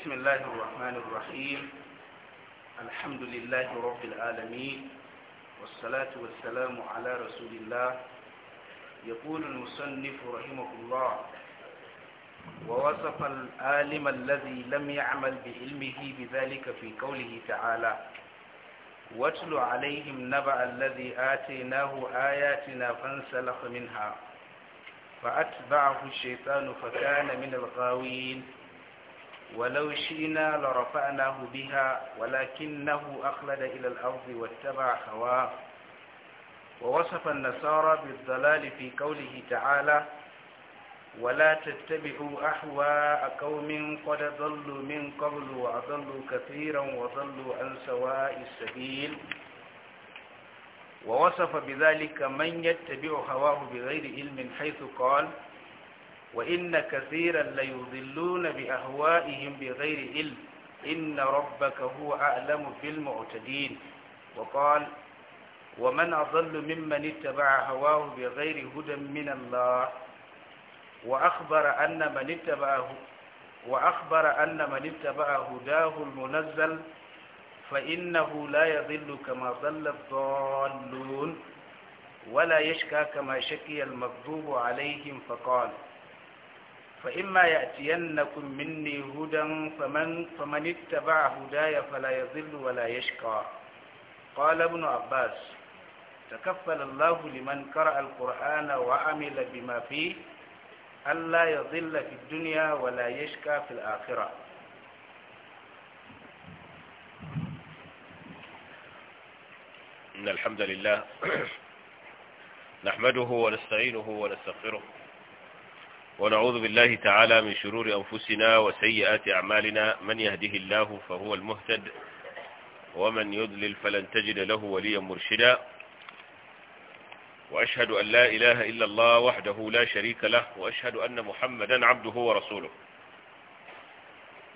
بسم الله الرحمن الرحيم الحمد لله رب العالمين والصلاة والسلام على رسول الله يقول المصنف رحمه الله ووصف العالم الذي لم يعمل بعلمه بذلك في قوله تعالى واتل عليهم نبأ الذي آتيناه آياتنا فانسلخ منها فأتبعه الشيطان فكان من الغاوين ولو شئنا لرفعناه بها ولكنه أخلد إلى الأرض واتبع هواه ووصف النصارى بالضلال في قوله تعالى ولا تتبعوا أحواء قوم قد ضلوا من قبل وأضلوا كثيرا وضلوا عن سواء السبيل ووصف بذلك من يتبع هواه بغير علم حيث قال وإن كثيرا ليضلون بأهوائهم بغير علم إن ربك هو أعلم بالمعتدين وقال ومن أضل ممن اتبع هواه بغير هدى من الله وأخبر أن من اتبعه وأخبر أن من اتبع هداه المنزل فإنه لا يضل كما ضل الضالون ولا يشكى كما شكي المغضوب عليهم فقال فإما يأتينكم مني هدى فمن, فمن اتبع هداي فلا يضل ولا يشقى قال ابن عباس تكفل الله لمن قرأ القرآن وعمل بما فيه ألا يضل في الدنيا ولا يشقى في الآخرة إن الحمد لله نحمده ونستعينه ونستغفره ونعوذ بالله تعالى من شرور أنفسنا وسيئات أعمالنا من يهده الله فهو المهتد ومن يضلل فلن تجد له وليا مرشدا وأشهد أن لا إله إلا الله وحده لا شريك له وأشهد أن محمدا عبده ورسوله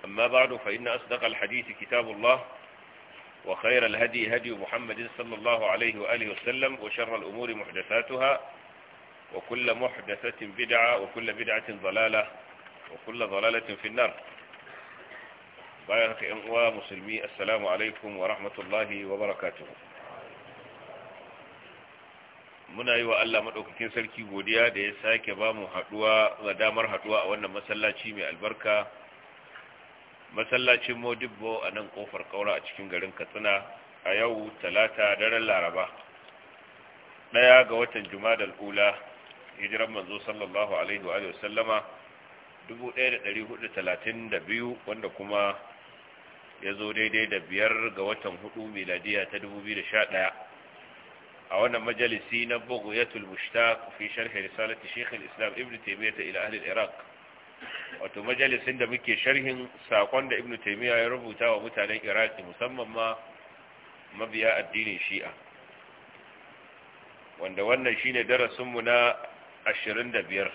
أما بعد فإن أصدق الحديث كتاب الله وخير الهدي هدي محمد صلى الله عليه وآله وسلم وشر الأمور محدثاتها وكل محدثة بدعة وكل بدعة ضلالة وكل ضلالة في النار بارك أنواء مسلمي السلام عليكم ورحمة الله وبركاته muna yi wa Allah maɗaukakin sarki godiya da ya sake ba mu haɗuwa ga damar haɗuwa a wannan masallaci mai albarka masallacin modibbo a nan ƙofar ƙaura a cikin garin katsina a yau talata daren laraba ɗaya ga watan juma'a da hijiran manzo sallallahu alaihi wa alihi wasallama 1432 wanda kuma ya zo daidai da biyar ga watan hudu miladiya ta 2011 a wannan majalisi na Bugu bughyatul mushtaq fi sharh risalati shaykh al-islam ibn taymiyyah ila ahli al-iraq wato majalisin da muke sharhin sakon da ibn taymiyyah ya rubuta wa mutanen iraq musamman ma mabiya addinin shi'a wanda wannan shine darasinmu na ashirin biyar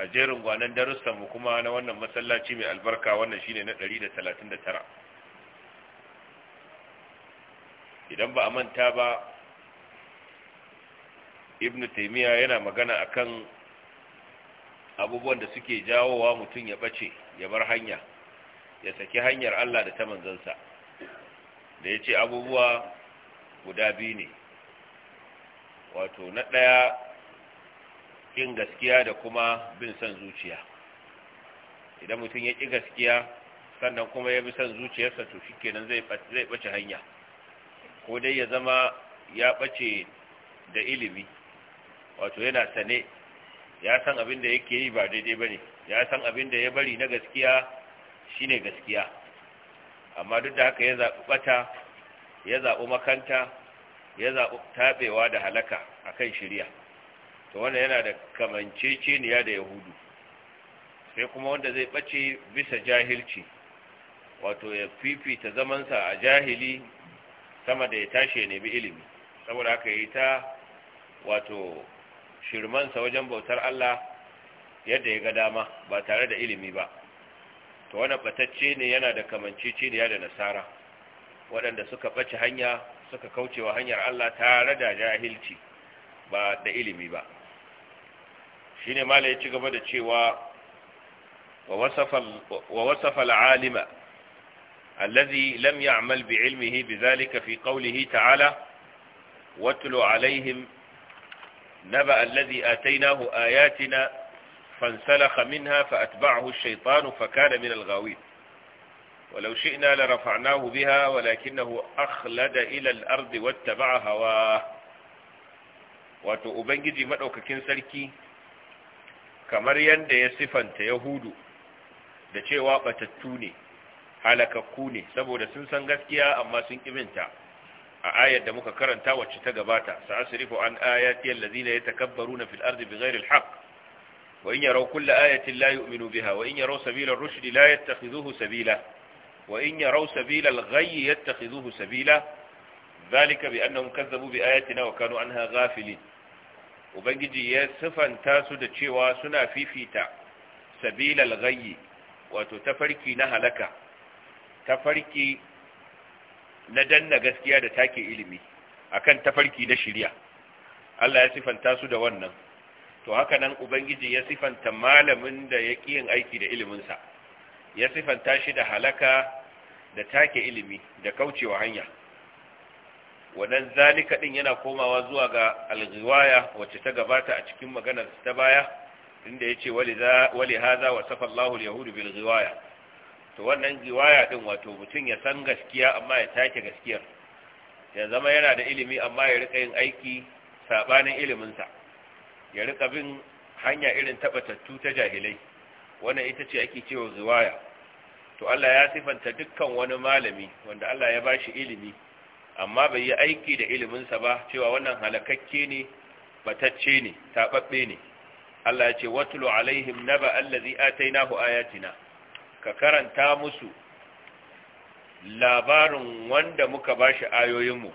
a jerin gwanan darussanmu kuma na wannan masallaci mai albarka wannan shine na ɗari da idan ba a manta ba ibn taimiyya yana magana akan abubuwan da suke jawowa mutum ya bace ya bar hanya ya saki hanyar allah da ta manzansa da ya ce abubuwa guda biyu ne wato na ɗaya ƙin gaskiya da kuma bin son zuciya idan mutum ya ƙi gaskiya sannan kuma ya bi son zuciyarsa to shi kenan zai ɓace hanya ko dai ya zama ya ɓace da ilimi wato yana sane ya san abin da yake yi ba daidai ba ne ya san abin da ya bari na gaskiya shine gaskiya amma duk da haka ya zaɓi ɓata ya zaɓi makanta ya zaɓi taɓewa da halaka akan shirya to wanda yana da kamanceceniya da yahudu sai kuma wanda zai ɓace bisa jahilci wato ya fifita zamansa a jahili sama da ya tashi ya nemi ilimi saboda haka yi ta wato shirmansa wajen bautar Allah yadda ya ga dama ba tare da ilimi ba to wannan batacce ne yana da kamanceceniya da nasara waɗanda suka ɓace hanya suka kaucewa hanyar Allah tare da jahilci ba da ilimi ba shine ma ya ci gaba da cewa wa wasafa al’alima allazi lam ya'mal bi ilmihi bi zalika fi qawlihi ta’ala watulo alaihim na ba allazi a tainahu a yatina fansalaha minha fa atba'ahu shaitanu fakada min algawi ولو شئنا لرفعناه بها ولكنه أخلد إلى الأرض واتبع هواه وتؤبنجي مدوككين سلكي kamar yadda ya sifanta yahudu da cewa batattu ne halakakku ne saboda sun san gaskiya amma sun kiminta a ayar da muka karanta wacce ta gabata sa'asrifu an ya allazina yatakabbaruna fil ardi bighairi alhaq wa in yaraw kulla ayatin la yu'minu biha wa in yaraw sabila ar-rushdi la yattakhidhuhu sabila wa in yaraw sabila al-ghayyi yattakhidhuhu sabila dhalika bi annahum kazzabu bi ayatina wa kanu anha ghafilin ubangiji ya sifanta su da cewa suna fifita sabilal ghayyi wato tafarki na halaka tafarki na danna gaskiya da take ilimi akan tafarki na shirya Allah ya sifanta su da wannan to haka nan ubangiji ya sifanta malamin da ya yin aiki da iliminsa ya sifanta shi da halaka da take ilimi da kaucewa hanya wannan zalika din yana komawa zuwa ga alghiwaya wacce ta gabata a cikin maganar ta baya inda yace wali hadha wasafa Allahu al-yahud bil ghiwaya to wannan ghiwaya din wato mutun ya san gaskiya amma ya take gaskiyar ya zama yana da ilimi amma ya rika yin aiki sabanin ilimin sa ya rika bin hanya irin tabatattu ta jahilai wannan ita ce ake cewa ghiwaya to Allah ya sifanta dukkan wani malami wanda Allah ya bashi ilimi amma bai yi aiki da iliminsa ba cewa wannan halakakke ne batacce ne taɓaɓɓe ne Allah ya ce watulu alaihim naba allazi atainahu ayatina ka karanta musu labarin wanda muka bashi ayoyinmu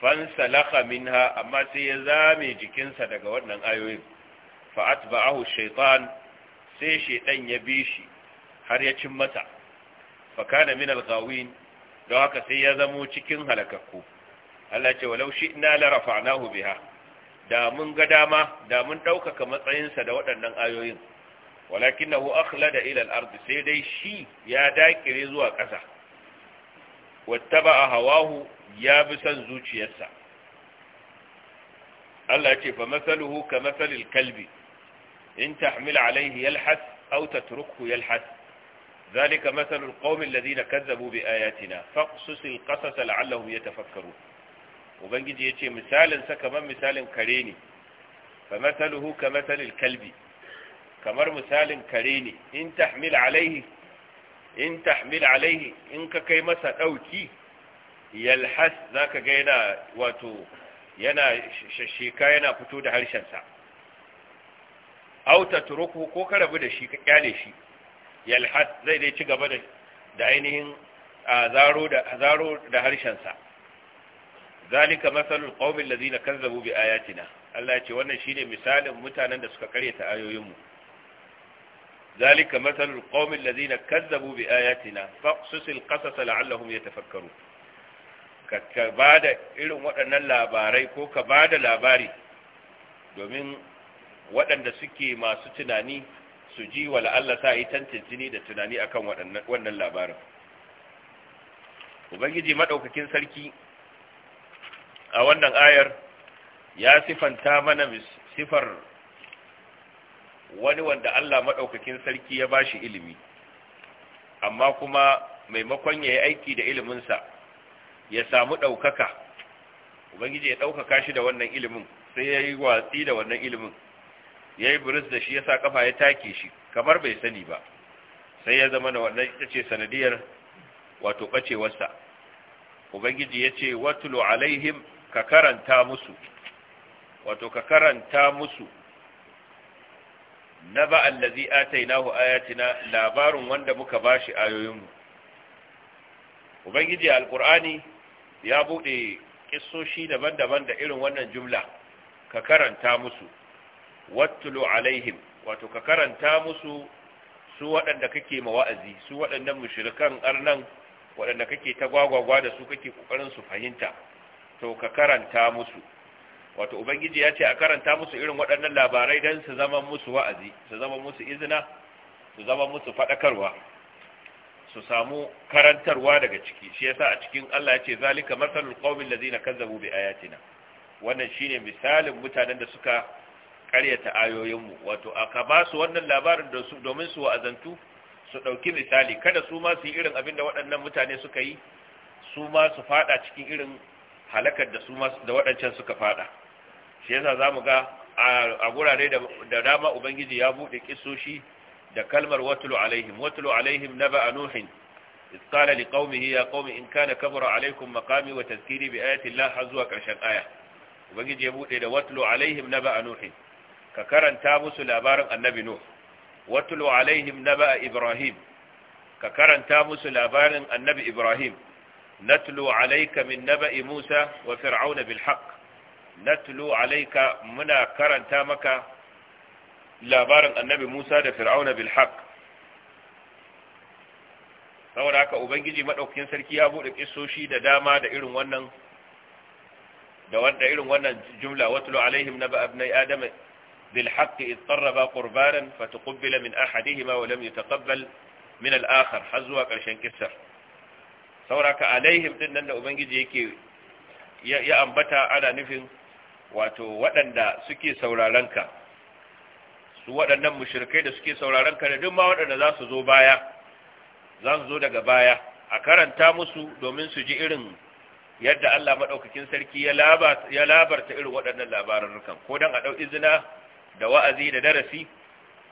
fansalakha minha amma sai ya zame jikinsa daga wannan ayoyin fa atba'ahu shaytan sai shaytan ya bishi. har ya cin masa fa kana min al don haka sai ya zamo cikin halakakku Allah ce walau shi ina la rafa'nahu biha da mun ga dama da mun ɗaukaka matsayinsa da waɗannan ayoyin walakinahu akhlada da ilal arzi sai dai shi ya daƙire zuwa ƙasa wattaba hawahu ya bi son zuciyarsa Allah ce fa masaluhu ka masalil kalbi in tahmil alayhi yalhas aw tatrukhu yalhas zalika masalul qaumin ladina kazzabu bi ayatina faqsusil qasas la'allahum yatafakkarun ubangiji yace misalin sa kamar misalin kare ne fa masaluhu kamasalil kalbi kamar misalin kare in tahmil alaihi in tahmil alaihi in ka kai masa dauki yalhas zaka ga yana wato yana shashika yana fito da harshen sa auta ko ka rabu da shi ka kyale shi yalhad zai dai ci gaba da ainihin zaro da zaro da harshensa zalika masalul qaumil kan kazzabu bi ayatina Allah ce wannan shi ne misalin mutanen da suka karyata ayoyinmu zalika masalul qaumil ladina kazzabu bi ayatina faqsusil qasas ya tafakkaru. ka ba da irin waɗannan labarai ko ka ba da labari domin waɗanda suke masu tunani su ji wa la'alla sa yi tantance da tunani akan wannan labarin ubangiji madaukakin sarki a wannan ayar ya sifanta mana sifar wani wanda Allah maɗaukakin sarki ya bashi ilimi amma kuma maimakon ya yi aiki da iliminsa ya samu ɗaukaka ubangiji ya ɗaukaka shi da wannan ilimin sai ya yi watsi da wannan ilimin yayi buris da shi yasa kafa ya take shi kamar bai sani ba sai ya zama da wannan ita ce sanadiyar wato bacewarsa ubangiji ya ce alaihim ka karanta musu wato ka karanta musu na ba allazi atainahu ayatina labarin wanda muka bashi ayoyinmu ubangiji alqur'ani ya bude kissoshi daban-daban da irin wannan jumla ka karanta musu wattulu alaihim wato ka karanta musu su waɗanda kake ma wa'azi su waɗannan mushrikan arnan waɗanda kake ta gwagwagwa da su kake kokarin su fahimta to ka karanta musu wato ubangiji ya ce a karanta musu irin waɗannan labarai don su zama musu wa'azi su zama musu izina su zama musu faɗakarwa su samu karantarwa daga ciki shi yasa a cikin Allah ya ce zalika masalul qaumil ladina kazzabu bi ayatina wannan shine misalin mutanen da suka karyata ayoyinmu wato aka ba su wannan labarin domin su wa'azantu su ɗauki misali kada su ma su yi irin abin da waɗannan mutane suka yi su ma su fada cikin irin halakar da su da waɗancan suka fada shi yasa za mu ga a gurare da dama ubangiji ya buɗe kisoshi da kalmar watulu alaihim watulu alaihim na ba'a nuhin in قال لقومه يا قوم wa كان كبر عليكم مقامي وتذكيري بآيات الله حزوا كرشان آية وبنجي يبوت واتلو عليهم نبأ نوح ka karanta musu labarin annabi nuh watlu alaihim naba ibrahim ka karanta musu labarin annabi ibrahim natlu alaika min naba'i musa wa fir'auna Bilhaq. haqq natlu alayka muna karanta maka labarin annabi musa da fir'auna Bilhaq. haqq haka ubangiji madaukakin sarki ya bude kissoshi da dama da irin wannan da wanda irin wannan jumla watlu alaihim naba abnai adama بالحق اضطربا قربانا فتقبل من أحدهما ولم يتقبل من har حزوا karshen كسر sauraka alaihim din nan da ubangiji yake ya ambata ana nufin wato waɗanda suke saurarenka su mushrikai da suke ka da duk ma waɗanda za su zo baya za su zo daga baya a karanta musu domin su ji irin yadda Allah maɗaukakin sarki ya labarta irin waɗannan labarurrukan ko don a ɗau izina da wa'azi da darasi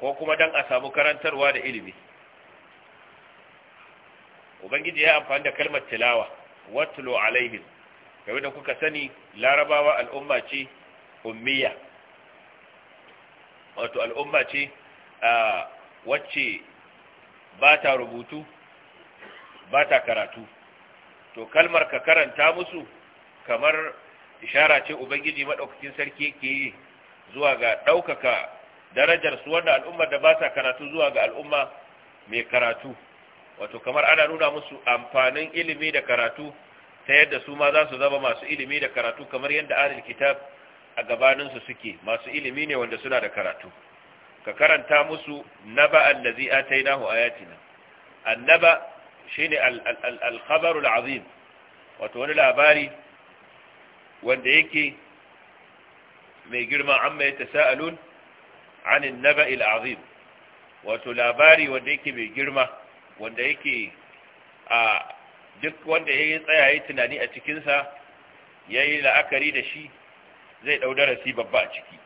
ko kuma don a samu karantarwa da ilimi ubangiji ya amfani da kalmar tilawa watlu alaihim kamar da kuka sani larabawa al'umma ce ummiya wato al'umma ce wacce ba ta rubutu ba ta karatu to kalmar ka karanta musu kamar ishara ce ubangiji maɗaukakin sarki ke yi zuwa ga ɗaukaka darajar su wanda al'ummar da ba sa karatu zuwa ga al'umma mai karatu wato kamar ana nuna musu amfanin ilimi da karatu ta yadda su ma za su zama masu ilimi da karatu kamar yadda ahlul kitab a gabaninsu suke masu ilimi ne wanda suna da karatu ka karanta musu naba allazi atainahu ayatina annaba shine ne khabarul azim wato wani labari wanda yake mai girma amma ya tasa'alun anin naba'il azim wato labari wanda yake mai girma wanda yake a duk wanda ya tsaya ya tunani a cikinsa ya yi la'akari da shi zai ɗau darasi babba a ciki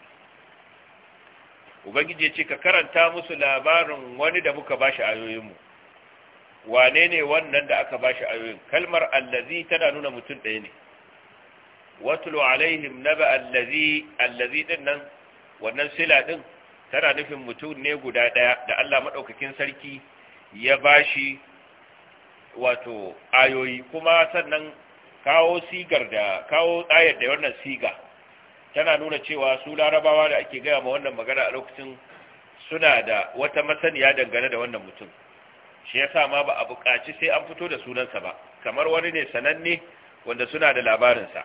ubangiji ya ce ka karanta musu labarin wani da muka ba shi ayoyinmu wane ne wannan da aka ba shi ayoyin kalmar allazi tana nuna mutum ɗaya ne watlu alaihim naba allazi allazi dinnan wannan sila din tana nufin mutum ne guda daya da Allah madaukakin sarki ya bashi wato ayoyi kuma sannan kawo sigar da kawo ayar da wannan siga tana nuna cewa su larabawa da ake gaya ma wannan magana a lokacin suna da wata masaniya dangane da wannan mutum shi yasa ma ba a buƙaci sai an fito da sunansa ba kamar wani ne sananne wanda suna da labarinsa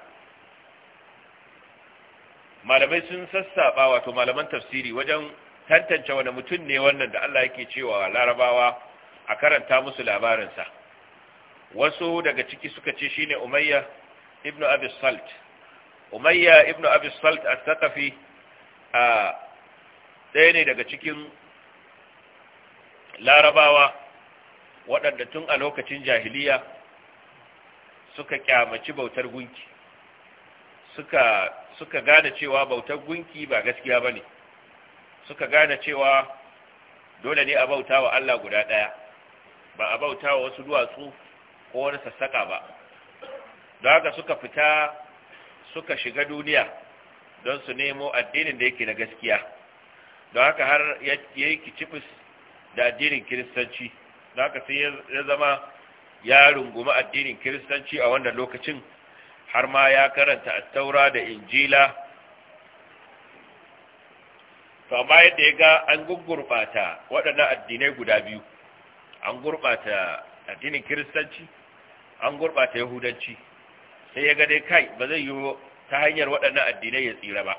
malamai sun sassaɓa wato malaman tafsiri wajen tantance wani mutum ne wannan da Allah yake cewa larabawa a karanta musu labarinsa wasu daga ciki suka ce shine umayya ibnu abi salt umayya ibnu abi salt as-saqafi a ɗaya ne daga cikin larabawa waɗanda tun a lokacin jahiliya suka kyamaci bautar gunki suka gane cewa bautar gunki ba gaskiya bane suka gane cewa dole ne a bauta wa Allah guda ɗaya, ba a bauta wa wasu duwatsu ko wani sassaka ba don haka suka fita suka shiga duniya don su nemo addinin da yake na gaskiya don haka har yayi kicifis da addinin kiristanci don haka sai ya zama ya rungumi addinin kiristanci a wannan lokacin har ma ya karanta taura da injila to amma yadda ya ga an gurɓata waɗannan addinai guda biyu an gurɓata addinin kiristanci an gurɓata yahudanci sai ya ga dai kai ba zai yi ta hanyar waɗannan addinai ya tsira ba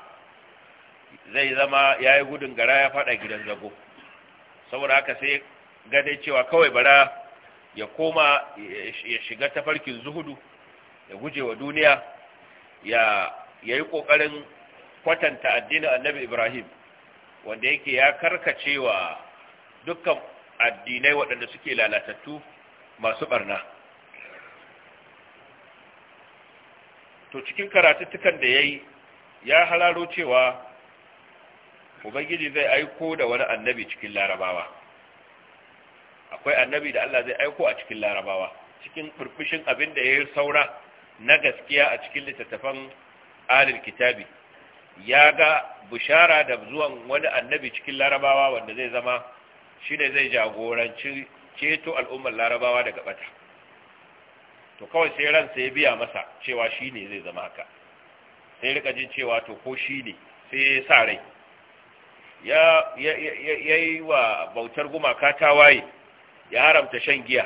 zai zama ya yi gudun gara ya faɗa gidan zago saboda haka sai ga dai cewa kawai bara ya koma ya shiga tafarkin zuhudu ya guje wa duniya ya yayi kokarin kwatanta addinin annabi Ibrahim wanda yake ya karkacewa dukkan addinai waɗanda suke lalatattu masu barna to cikin karatuttukan da yayi ya halaro cewa ubangiji zai aiko da wani annabi cikin larabawa akwai annabi da Allah zai aiko a cikin larabawa cikin burbushin abin da ya yi saura na gaskiya a cikin littattafan alil kitabi ya ga bishara da zuwan wani annabi cikin larabawa wanda zai zama shi ne zai jagoranci ceto al'ummar larabawa daga bata to kawai sai ransa ya biya masa cewa shi ne zai zama haka sai rika jin cewa to ko shi ne, sai ya sa rai ya yi wa bautar gumaka ta tawaye ya haramta shan giya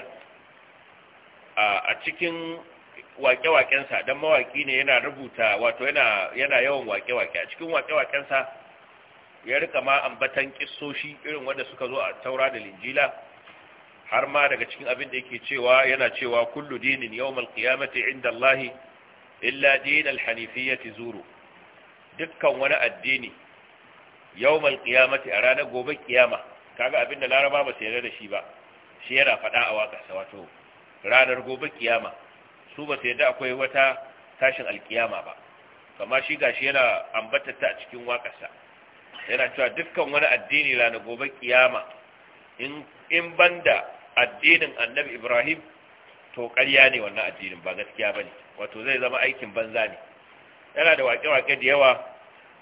a cikin waƙe-waƙensa don mawaki ne yana rubuta wato yana yawan wake-wake. a cikin wake-wakensa ya rika ma ambatan ƙisoshi irin wanda suka zo a taura da linjila har ma daga cikin abin da yake cewa yana cewa kullu dinin yawmal qiyamati inda Allah illa din ya hanifiyyati zuru dukkan wani addini yawmal qiyamati a ranar gobe kiyama kaga abin da laraba ba su yarda da shi ba shi yana faɗa a waƙarsa wato ranar gobe kiyama su ba yarda yadda akwai wata tashin alkiyama ba kama shi gashi yana ambatar ta a cikin waƙarsa yana cewa dukkan wani addini na gobe kiyama in banda addinin annabi ibrahim to ƙarya ne wannan addinin ba gaskiya ba ne wato zai zama aikin banza ne yana da waƙe-waƙe da yawa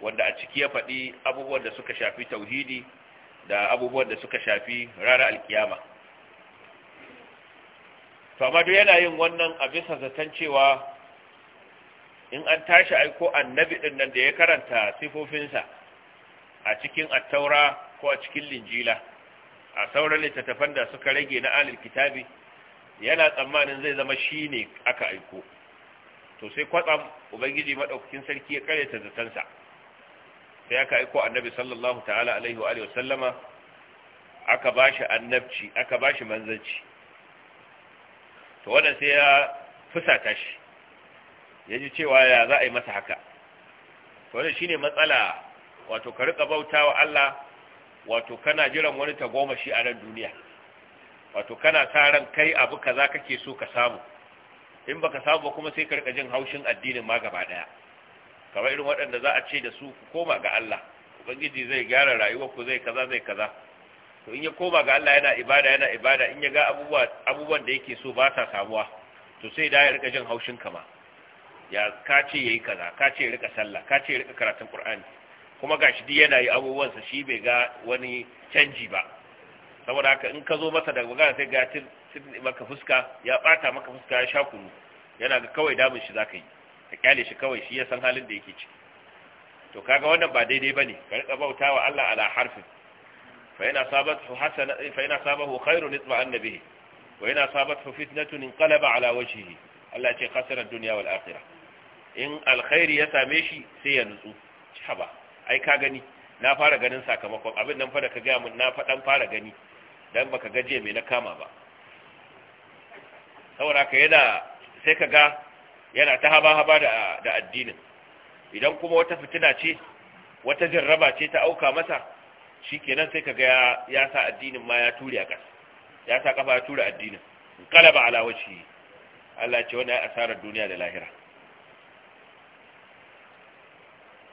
wanda a ciki ya faɗi abubuwan da suka shafi tauhidi da abubuwan da suka shafi ranar alkiyama to yana yin wannan a bisa zaton cewa in an tashi aiko annabi din nan da ya karanta sifofinsa a cikin attaura ko a cikin linjila a sauran littattafan da suka rage na alil kitabi yana tsammanin zai zama shi ne aka aiko to sai kwatsam ubangiji maɗaukakin sarki ya karyata zatansa sai aka aiko annabi sallallahu ta'ala alaihi wa sallama aka bashi annabci aka shi manzanci to wannan sai ya fusata shi ya ji cewa ya za a yi masa haka to wannan shine matsala wato ka rika bauta wa Allah wato kana jiran wani ta goma shi a nan duniya wato kana sa ran kai abu kaza kake so ka samu in baka samu ba kuma sai ka rika jin haushin addinin ma gaba daya kamar irin waɗanda za a ce da su ku koma ga Allah ubangiji zai gyara rayuwarku zai kaza zai kaza to in ya koma ga Allah yana ibada yana ibada in ya ga abubuwan da yake so ba sa samuwa to sai da ya rika jin haushin kama ya kace yayi kaza kace ya rika sallah kace ya rika karatun Qur'ani kuma gashi duk yana yi abubuwan sa shi bai ga wani canji ba saboda haka in ka zo masa daga magana sai ga tin maka fuska ya bata maka fuska ya shakuru yana ga kawai damun shi zaka yi ka kyale shi kawai shi ya san halin da yake ciki to kaga wannan ba daidai bane ka rika bautawa Allah ala harfin فإن أصابته حسنة فإن أصابه خير اطمأن به وإن أصابته فتنة انقلب على وجهه Allah ce khasirar duniya wal akhirah in alkhairi ya same shi sai ya nutsu haba ai ka gani na fara ganin sakamakon abin nan fa da ka ga mun na fadan fara gani dan baka gaje me na kama ba saboda ka yana sai ka ga yana ta haba haba da da addinin idan kuma wata fitina ce wata jarraba ce ta auka masa shikenan sai kaga ya ya sa addinin ma ya ture a ƙasa ya sa kafa ya ture addinin kalaba ala wajhi Allah ce wannan asarar duniya da lahira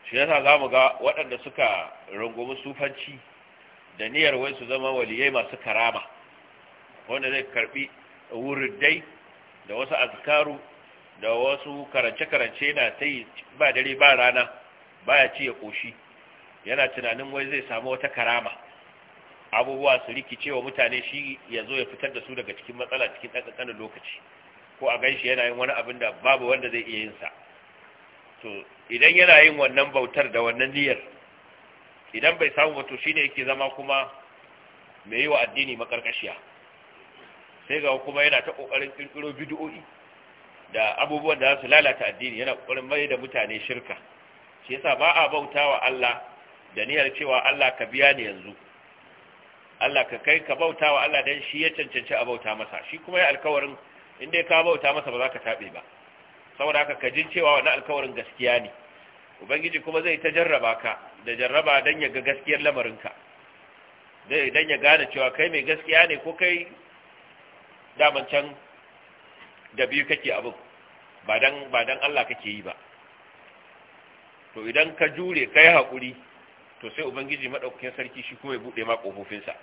shi yasa mu ga waɗanda suka rungumi sufanci da niyyar wai su zama waliyai masu karama wanda zai karbi wuridai da wasu azkaru da wasu karance-karance na ta yi ba dare ba rana ba ya ci ya ƙoshi. yana tunanin wai zai samu wata karama abubuwa su rikice wa mutane shi ya zo ya fitar da su daga cikin matsala cikin ɗan lokaci ko a ganshi yana yin wani abin da babu wanda zai iya yin to idan yana yin wannan bautar da wannan niyyar idan bai samu wato to shine yake zama kuma mai yi wa addini makarkashiya sai ga kuma yana ta ƙoƙarin kirkiro bidiyoyi da abubuwan da za su lalata addini yana kokarin mai da mutane shirka shi yasa ba a bauta wa Allah da niyyar cewa Allah ka biya ni yanzu Allah ka kai ka bauta wa Allah dan shi ya cancanci a bauta masa shi kuma ya alkawarin in dai ka bauta masa ba za ka tabe ba saboda haka ka jin cewa wannan alkawarin gaskiya ne ubangiji kuma zai ta jarraba ka da jarraba dan ya ga gaskiyar lamarinka dai dan ya gane cewa kai mai gaskiya ne ko kai daman can da biyu kake abin ba dan ba dan Allah kake yi ba to idan ka jure kai hakuri to sai ubangiji madaukakin sarki shi kuma ya bude ma kofofinsa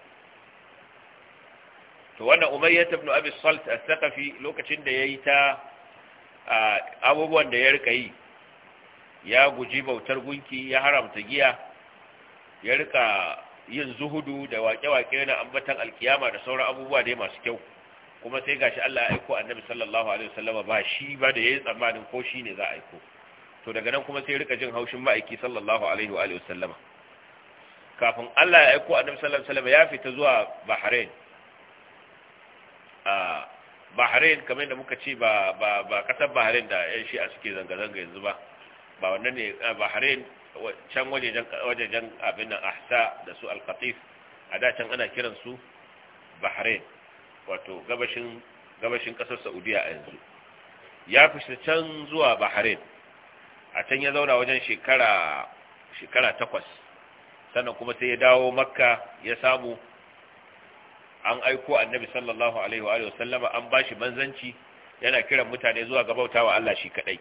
to wannan umayyah ibn abi salt al-thaqafi lokacin da yayi ta abubuwan da ya rika yi ya guji bautar gunki ya haramta giya ya rika yin zuhudu da waƙe-waƙe na ambatan alkiyama da sauran abubuwa dai masu kyau kuma sai gashi Allah ya aiko annabi sallallahu alaihi wasallama ba shi ba da yayi tsammanin ko shi ne za a aiko to daga nan kuma sai rika jin haushin ma'aiki sallallahu alaihi wa alihi wasallama kafin Allah ya aiko annabi sallallahu alaihi wasallam ya fita zuwa Bahrain ah Bahrain kamar da muka ce ba ba ba kasar Bahrain da yan a suke zanga zanga yanzu ba ba wannan ne ah, Bahrain can waje jan abin nan Ahsa da su Al-Qatif a da can ana kiran su Bahrain wato gabashin gabashin kasar Saudiya a yanzu ya fita can zuwa Bahrain a can ya zauna wajen shekara shekara takwas sannan kuma sai ya dawo makka ya samu an aiko annabi sallallahu alaihi wa sallama an bashi manzanci yana kiran mutane zuwa ga bautawa Allah shi kadai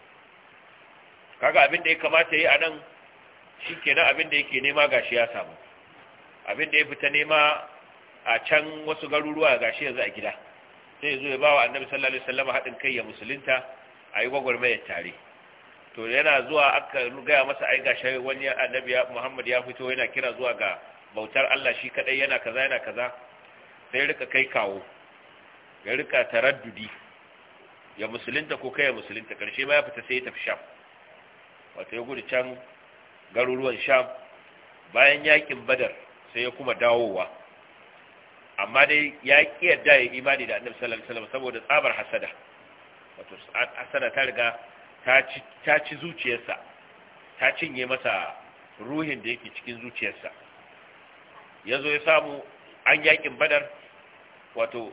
kaga abin da ya kamata yi anan shikenan abin da yake nema gashi ya samu abin da ya fita nema a can wasu garuruwa gashi yanzu a gida sai ya zo ya bawa annabi sallallahu alaihi wa sallama hadin kai ya musulunta ayi gwagwarmayar tare to yana zuwa aka gaya masa ai gashi wani annabi Muhammad ya fito yana kira zuwa ga bautar Allah shi kadai yana kaza yana kaza sai rika kai kawo ya rika taraddudi ya musulunta ko kai ya musulunta karshe ma ya fita sai ya tafi Sham wato ya gudu can garuruwan Sham bayan yakin Badar sai ya kuma dawowa amma dai ya ki yadda ya imani da Annabi sallallahu alaihi wasallam saboda tsabar hasada wato hasada ta riga ta ci zuciyarsa ta cinye masa ruhin da yake cikin zuciyarsa ya zo ya samu an yakin badar wato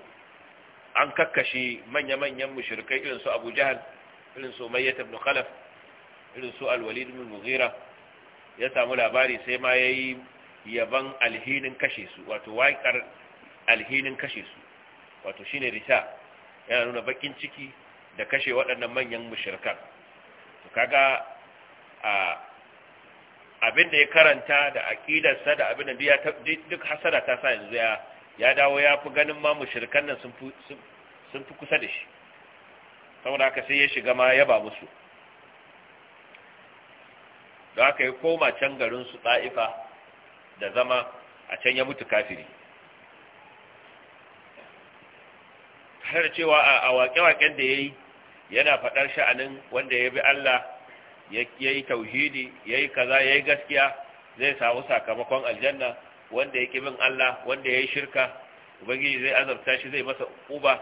an kakkashe manya-manyan mushrikai irin su abu jahal irin su mayyat ibn khalaf irin su alwalid min mughira ya samu labari sai ma ya yi yaban alhinin kashe su wato waƙar alhinin kashe su wato shine rita yana nuna bakin ciki da kashe waɗannan manyan mushrikan kaga a abin da ya karanta da aqidarsa da abin da duk hasara ta sa yanzu ya ya dawo ya fi ganin ma mushrikan nan sun fi sun fi kusa da shi saboda haka sai ya shiga ma yaba musu da haka ya koma can garin su ta'ifa da zama a can ya mutu kafiri har cewa a waƙe-waƙen da ya yi yana faɗar sha'anin wanda ya bi Allah ya yi tauhidi ya yi kaza ya yi gaskiya zai samu sakamakon aljanna wanda ya bin Allah wanda ya yi shirka ubangiji zai azabta shi zai masa uba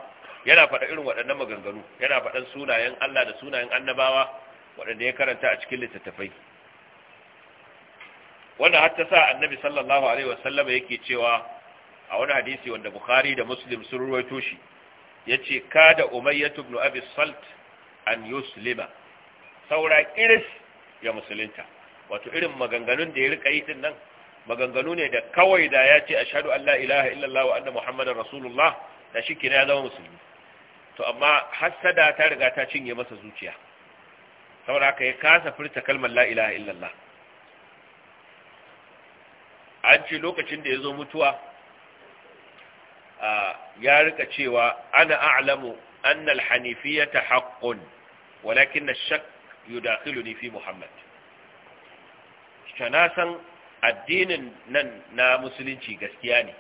yana faɗa irin waɗannan maganganu yana faɗan sunayen Allah da sunayen annabawa waɗanda ya karanta a cikin littattafai wanda har ta sa annabi sallallahu alaihi wasallam yake cewa a wani hadisi wanda bukhari da muslim sun ruwaito shi yace kada umayyah ibn abi salt an yuslima saura iris ya musulunta wato irin maganganun da ya rika yi din nan maganganu ne da kawai da ya ce ashadu an la ilaha illallah wa anna muhammadar rasulullah da shi kina ya zama musulmi to amma hassada ta riga ta cinye masa zuciya saboda haka ya kasa furta kalmar la ilaha illallah an ce lokacin da ya zo mutuwa ya rika cewa ana a'lamu أن الحنيفية حق ولكن الشك يداخلني في محمد شناسا addinin nan na musulunci gaskiya ne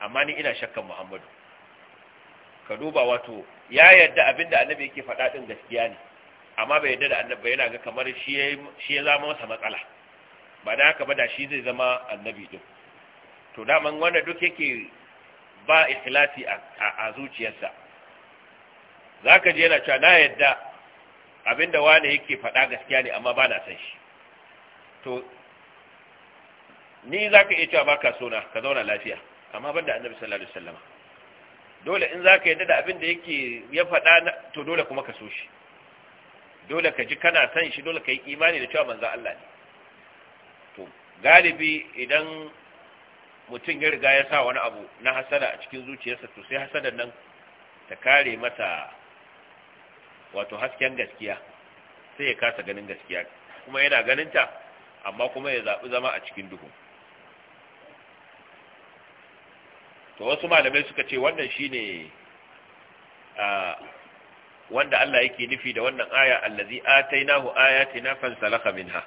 amma ni ina shakkan muhammadu ka wato ya yadda abinda annabi yake faɗa ɗin gaskiya ne amma bai yadda da annabi yana ga kamar shi ya zama masa matsala ba da haka ba da shi zai zama annabi din to daman wanda duk yake ba ikhlasi a zuciyarsa za ka ji yana cewa na yadda abinda wani yake faɗa gaskiya ne amma ba na san shi to ni za ka iya cewa ba ka sona ka zauna lafiya amma ban da annabi sallallahu alaihi wasallama dole in za ka yadda da abinda yake ya faɗa to dole kuma ka so shi dole ka ji kana san shi dole ka yi imani da cewa manzan Allah ne to galibi idan mutum ya riga ya sa wani abu na hasada a cikin zuciyarsa to sai hasadar nan ta kare mata wato hasken gaskiya sai ya kasa ganin gaskiya kuma yana ganinta amma kuma ya zaɓi zama a cikin duhu to wasu malamai suka ce wannan shi ne wanda Allah yake nufi da wannan aya allazi atainahu ayatina fansalakha minha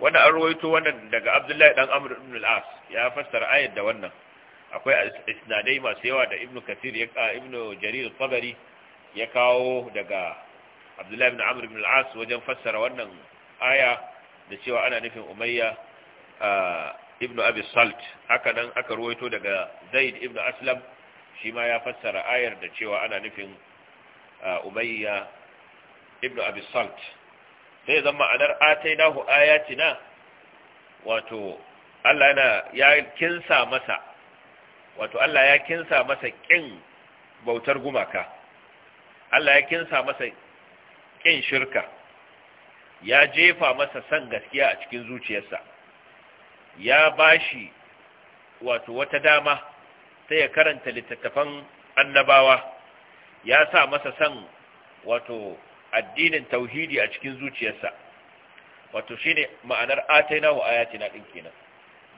wannan an ruwaito wannan daga Abdullahi dan Amr ibn al-As ya fassara ayat da wannan akwai isnadai masu yawa da Ibnu kasir ya ibnu Jarir al ya kawo daga abdullahi ibn amr ibn al-as wajen fassara wannan aya da cewa ana nufin umayya ibn abi salt haka nan aka ruwaito daga zaid ibn aslam shi ma ya fassara ayar da cewa ana nufin umayya ibn abi salt sai zama anar atainahu ayatina wato Allah yana ya kinsa masa wato Allah ya kinsa masa kin bautar gumaka Allah ya kinsa masa kin shirka ya jefa masa san gaskiya a cikin zuciyarsa ya bashi wato wata dama sai ya karanta littattafan annabawa ya sa masa san wato addinin tauhidi a cikin zuciyarsa wato shine ma'anar ataina wa ayatina din kenan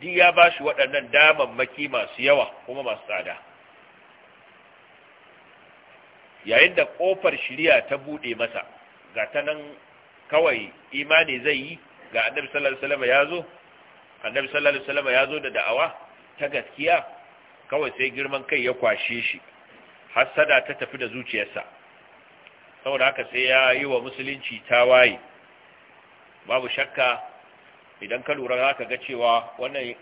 duk ya bashi waɗannan damammaki masu yawa kuma masu tsada yayin da kofar shiriya ta bude masa ga ta nan kawai imani zai yi ga annabi sallallahu alaihi wasallam ya zo annabi sallallahu alaihi wasallam ya da da'awa ta gaskiya kawai sai girman kai ya kwashe shi hasada ta tafi da zuciyarsa saboda haka sai ya yi wa musulunci tawaye babu shakka idan ka lura za ka ga cewa wannan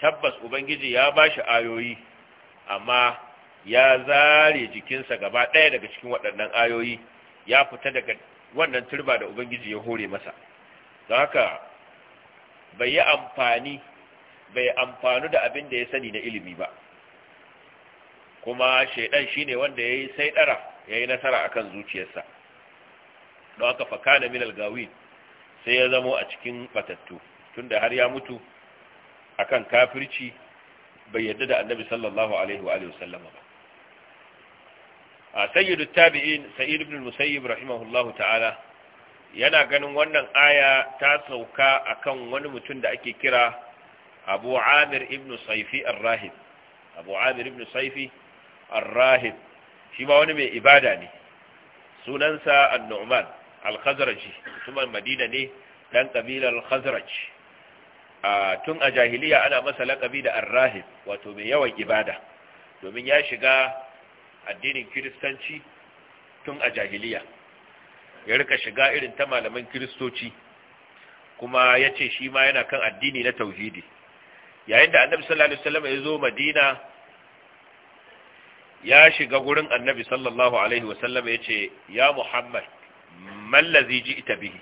tabbas ubangiji ya bashi ayoyi amma ya zare jikinsa gaba ɗaya daga cikin waɗannan ayoyi ya fita daga wannan turba da ubangiji ya hore masa don haka bai yi amfani bai amfanu da abin da ya sani na ilimi ba kuma shaidan ne wanda ya yi sai ɗara ya yi nasara a kan zuciyarsa don haka na minal gawi sai ya zamo a cikin batattu tunda har ya mutu akan kafirci bai yarda da annabi sallallahu alaihi wa sallama ba sayyidu tabi'in sa'id ibn musayyib rahimahullahu ta'ala yana ganin wannan aya ta sauka akan wani mutum da ake kira Abu Amir ibn Saifi ar-Rahib Abu Amir ibn Saifi ar-Rahib shi ma wani mai ibada ne sunansa An-Nu'man al-Khazraji mutumin Madina ne dan kabilar Khazraj tun a jahiliya ana masa laƙabi da ar-Rahib wato mai yawan ibada domin ya shiga addinin kiristanci tun a jahiliya ya rika shiga irin ta malaman kiristoci kuma ya ce shi ma yana kan addini na tauhidi yayin da annabi sallallahu alaihi wasallam ya zo madina ya shiga gurin annabi sallallahu alaihi wasallam ya ce ya muhammad mallazi ji ita bihi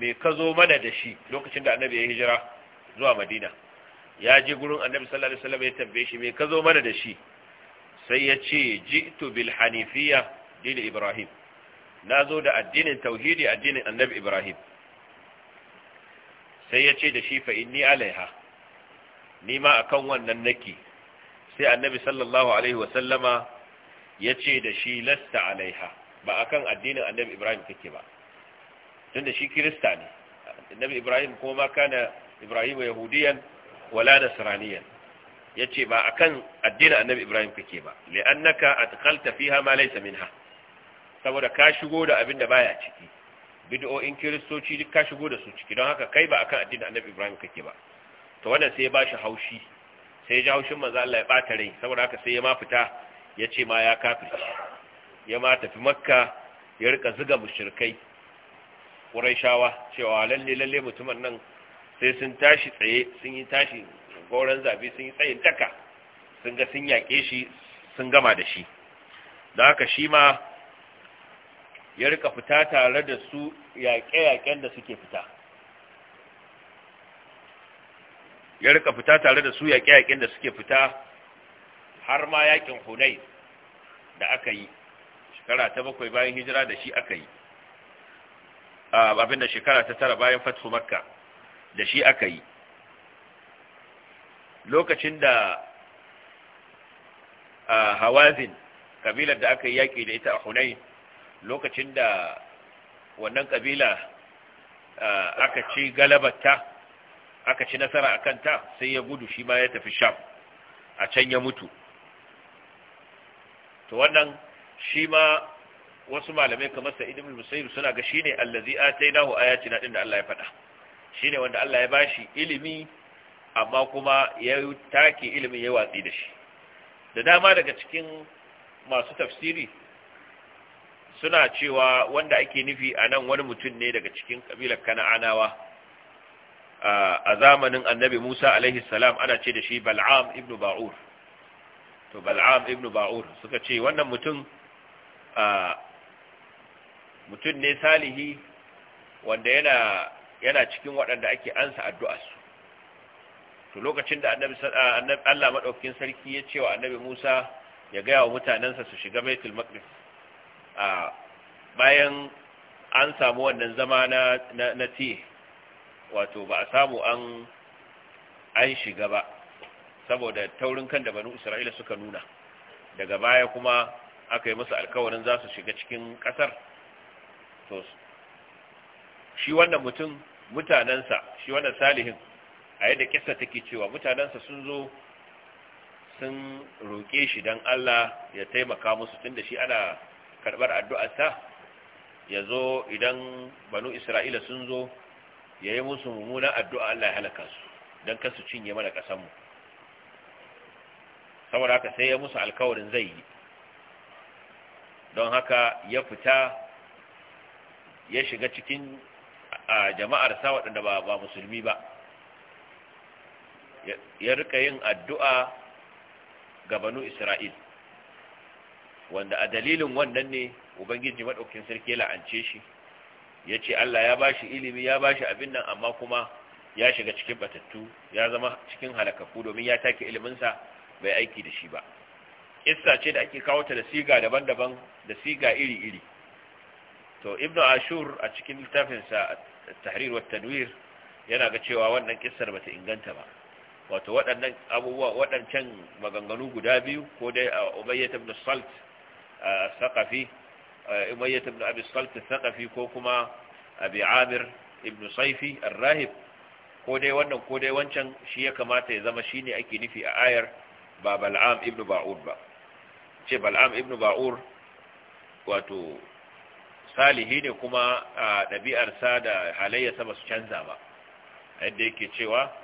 me ka zo mana da shi lokacin da annabi ya hijira zuwa madina ya ji gurin annabi sallallahu alaihi wasallam ya tambaye shi me ka zo mana da shi sai ya ce ji'tu bil hanifiya dini ibrahim na zo da addinin tauhidi addinin annabi ibrahim sai ya ce da shi fa inni alaiha ni ma akan wannan naki sai annabi sallallahu alaihi Wasallama ya ce da shi lasta alaiha ba akan addinin annabi ibrahim kake ba tun da shi kirista ne annabi ibrahim kuma ma kana ibrahim yahudiyan wala nasraniyan yace ba kan addinin annabi ibrahim kake ba li'annaka atqalta fiha ma laysa minha saboda ka shigo da abin da baya ciki bid'o'in kiristoci duk ka shigo da su ciki don haka kai ba akan addinin annabi ibrahim kake ba to wannan sai ya bashi haushi sai ya ji haushin manzo Allah ya bata rai saboda haka sai ya ma fita ya ce ma ya kafirci ya ma tafi makka ya rika zuga mushrikai quraishawa cewa lalle lalle mutumin nan sai sun tashi tsaye sun yi tashi goron zabe sun yi tsayin daka sun ga sun yaƙe shi sun gama da shi da haka shi ma ya rika fita tare da su yaƙe-yaƙen da suke fita ya rika fita tare da su yaƙe-yaƙen da suke fita har ma yaƙin hunai da aka yi shekara ta bakwai bayan hijira da shi aka yi ah, abin da shekara ta tara bayan fatu makka da shi aka yi lokacin da a hawazin kabilar da aka yi yaƙi da ita a hunai lokacin da wannan kabila aka ci galabarta aka ci nasara a kanta sai ya gudu shi ma ya tafi sham a can ya mutu to wannan shi ma wasu malamai kamar sa idin musayyib suna ga shine allazi atainahu ayatina din da Allah ya faɗa shine wanda Allah ya bashi ilimi amma kuma ya take ilimin ya watsi da shi da dama daga cikin masu tafsiri suna cewa wanda ake nufi a nan wani mutum ne daga cikin kabilar kana'anawa a zamanin annabi musa alaihi salam ana ce da shi bal'am ibn ba'ur to bal'am Ibnu ba'ur suka ce wannan mutum mutum ne salihi wanda yana cikin waɗanda ake ansa addu'as. to lokacin da annabi Allah madaukakin sarki ya ce wa annabi Musa ya gaya wa mutanansa su shiga Baitul Maqdis a bayan an samu wannan zama na na ti wato ba a samu an an shiga ba saboda taurin kan da banu Isra'ila suka nuna daga baya kuma aka yi musu alkawarin za su shiga cikin kasar to shi wannan mutum mutanansa shi wannan salihin a yadda Kisa take cewa mutanensa sun zo sun roƙe shi don Allah ya taimaka musu tun da shi ana karɓar addu'arsa ya zo idan banu Isra'ila sun zo ya yi musu mummunan addu'a Allah ya halaka su don kasu cinye mana ƙasanmu. saboda haka sai ya musu alkawarin zai yi don haka ya fita ya shiga cikin jama'arsa waɗanda ba musulmi ba ya rika yin addu'a ga banu Isra'il wanda a dalilin wannan ne ubangiji maɗaukin sarki la'ance shi yace Allah ya bashi ilimi ya bashi abin nan amma kuma ya shiga cikin batattu ya zama cikin halakaku domin ya take iliminsa bai aiki da shi ba Issa ce da ake kawo ta da siga daban-daban da siga iri-iri to Ibn ashur a cikin littafinsa tahrir wa tanwir yana ga cewa wannan kissar bata inganta ba wato waɗannan abubuwa waɗancan maganganu guda biyu ko dai a umayyat ibn salt saqafi umayyat ibn abi salt saqafi ko kuma abi amir ibn saifi ar-rahib ko dai wannan ko dai wancan shi ya kamata ya zama shine ake nufi a ayar ba bal'am ibn ba'ur ba ce bal'am ibn ba'ur wato salihi ne kuma a ɗabi'arsa da halayyarsa ba su canza ba yadda yake cewa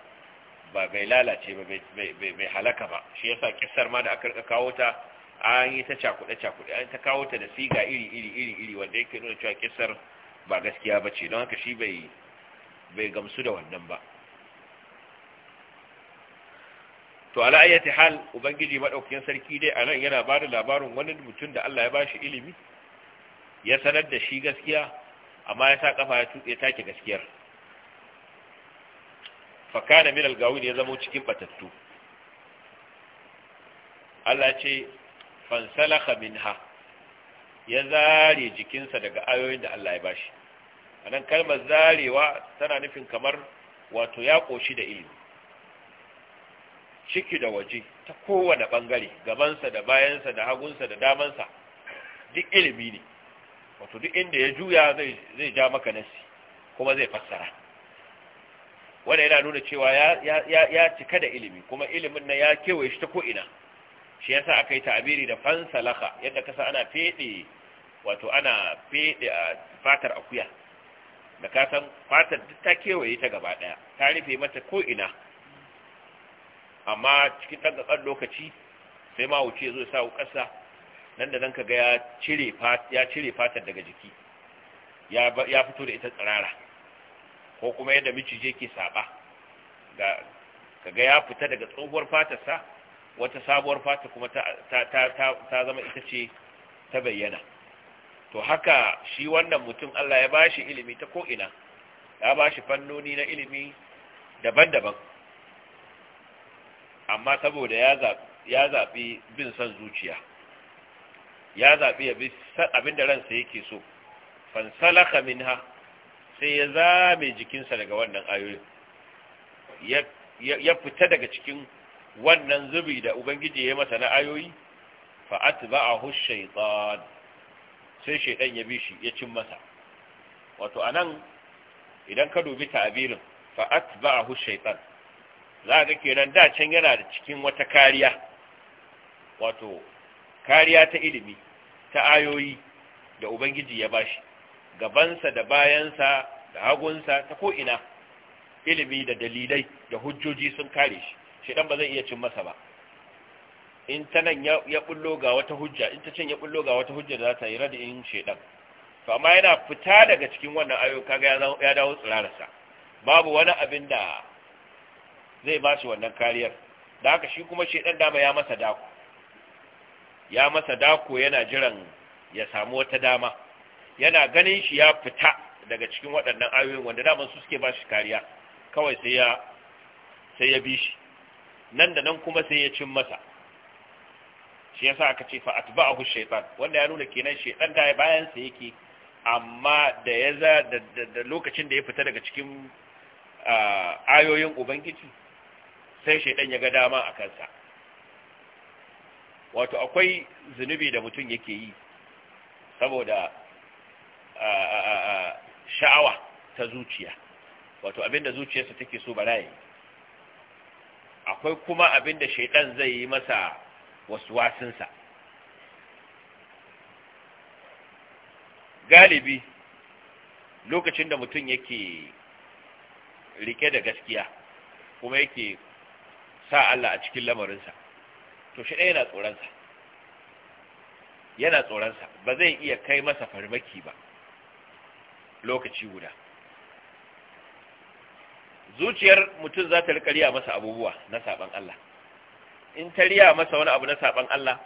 ba bai lalace ba bai halaka ba shi yasa kissar ma da aka rika kawo ta an yi ta cakuɗe cakuɗe an ta kawo ta da siga iri iri iri iri wanda yake nuna cewa kissar ba gaskiya ba ce don haka shi bai bai gamsu da wannan ba to ala ayyati hal ubangiji madaukakin sarki dai anan yana ba da labarin wani mutum da Allah ya ba shi ilimi ya sanar da shi gaskiya amma ya sa kafa ya ya take gaskiyar fakana min al ya zama cikin batattu Allah ce fansalakha minha ya zare jikinsa daga ayoyin da Allah ya bashi anan kalmar zarewa tana nufin kamar wato ya koshi da ilimi ciki da waje ta kowane bangare gabansa da bayansa da hagunsa da damansa duk ilimi ne wato duk inda ya juya zai ja maka nasi kuma zai fassara wanda yana nuna cewa ya cika da ilimi kuma ilimin nan ya kewaye shi ta ko'ina shi yasa aka yi ta'abiri da fansalaka yadda kasa ana fede wato ana fede a fatar akuya da kasan fatar duk ta kewaye ta gaba daya ta rufe mata ko'ina amma cikin ɗangaɓar lokaci sai ma wuce zo sa ƙasa nan da nan ka ga ya cire fatar daga jiki ya fito da ita tsirara ko kuma yadda miciji yake saba ga kaga ya fita daga tsohuwar fatarsa wata sabuwar fata kuma ta, zama ita ce ta bayyana to haka shi wannan mutum Allah ya bashi ilimi ta ko'ina ya bashi fannoni na ilimi daban-daban amma saboda ya zaɓi bin son zuciya ya zaɓi ya bi abinda ransa yake so fansalaka minha sai ya zame jikinsa daga wannan ayoyin ya fita daga cikin wannan zubi da ubangiji ya masa na ayoyi fa hushai shaytan sai shaidan ya bi shi ya cin masa wato anan idan ka dubi ba fa hushai shaytan za ga kenan da can yana da cikin wata kariya wato kariya ta ilimi ta ayoyi da ubangiji ya bashi gabansa da bayansa da hagunsa ta ko'ina ilimi da dalilai da hujjoji sun kare shi shaidan ba zai iya cin masa ba in ta nan ya bullo ga wata hujja in ta cin ya bullo ga wata hujja za ta yi radin shaidan to amma yana fita daga cikin wannan ayo kaga ya dawo tsirararsa babu wani abin da zai ba shi wannan kariyar da haka shi kuma shaidan dama ya masa dako ya masa dako yana jiran ya samu wata dama yana ganin shi ya fita daga cikin waɗannan ayoyin wanda daman su suke ba shi kariya kawai sai ya sai ya bi shi nan da nan kuma sai ya cin masa shi yasa aka ce fa atba'ahu shaytan wanda ya nuna kenan shaytan da bayan sa yake amma da ya za da lokacin da ya fita daga cikin ayoyin ubangiji sai shaidan ya ga dama a kansa wato akwai zunubi da mutum yake yi saboda sha'awa ta zuciya wato abinda zuciyarsa take so ba akwai kuma abinda shaidan zai yi masa wasuwasinsa galibi lokacin da mutum yake rike da gaskiya kuma yake sa Allah a cikin lamarinsa to shi ɗaya yana tsoronsa yana tsoronsa ba zai iya kai masa farmaki ba lokaci guda zuciyar mutum za ta riƙa masa abubuwa na saɓan Allah in ta riya masa wani abu na saɓan Allah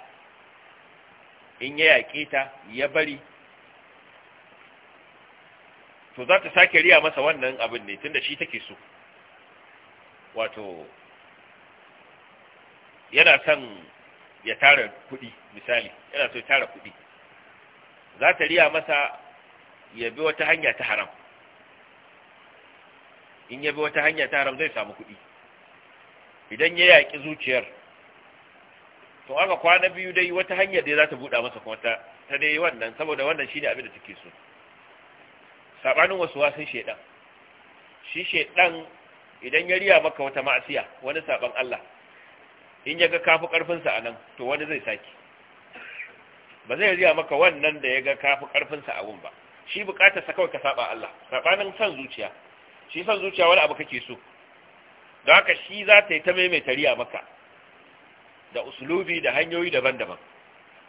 in ya yaƙe ta ya bari to za ta sake riya masa wannan abin ne tunda shi take so wato yana son ya tara kuɗi misali yana so ya tara kuɗi za ta riya masa ya bi wata hanya ta haram in ya bi wata hanya ta haram zai samu kuɗi idan ya yaƙi zuciyar to aka kwana biyu dai wata hanya dai za ta buɗa masa kuma ta dai wannan saboda wannan shi ne abin da take so saɓanin wasu wasan shaiɗan shi shaiɗan idan ya riya maka wata ma'asiya wani saɓan Allah in ya ga kafi ƙarfinsa a nan to wani zai saki ba zai riya maka wannan da ya ga kafi ƙarfinsa a wun ba shi bukatar sa kawai ka saba Allah sabanin san zuciya shi san zuciya wani abu kake so don haka shi za ta yi ta maimaita riya maka da usulubi da hanyoyi daban-daban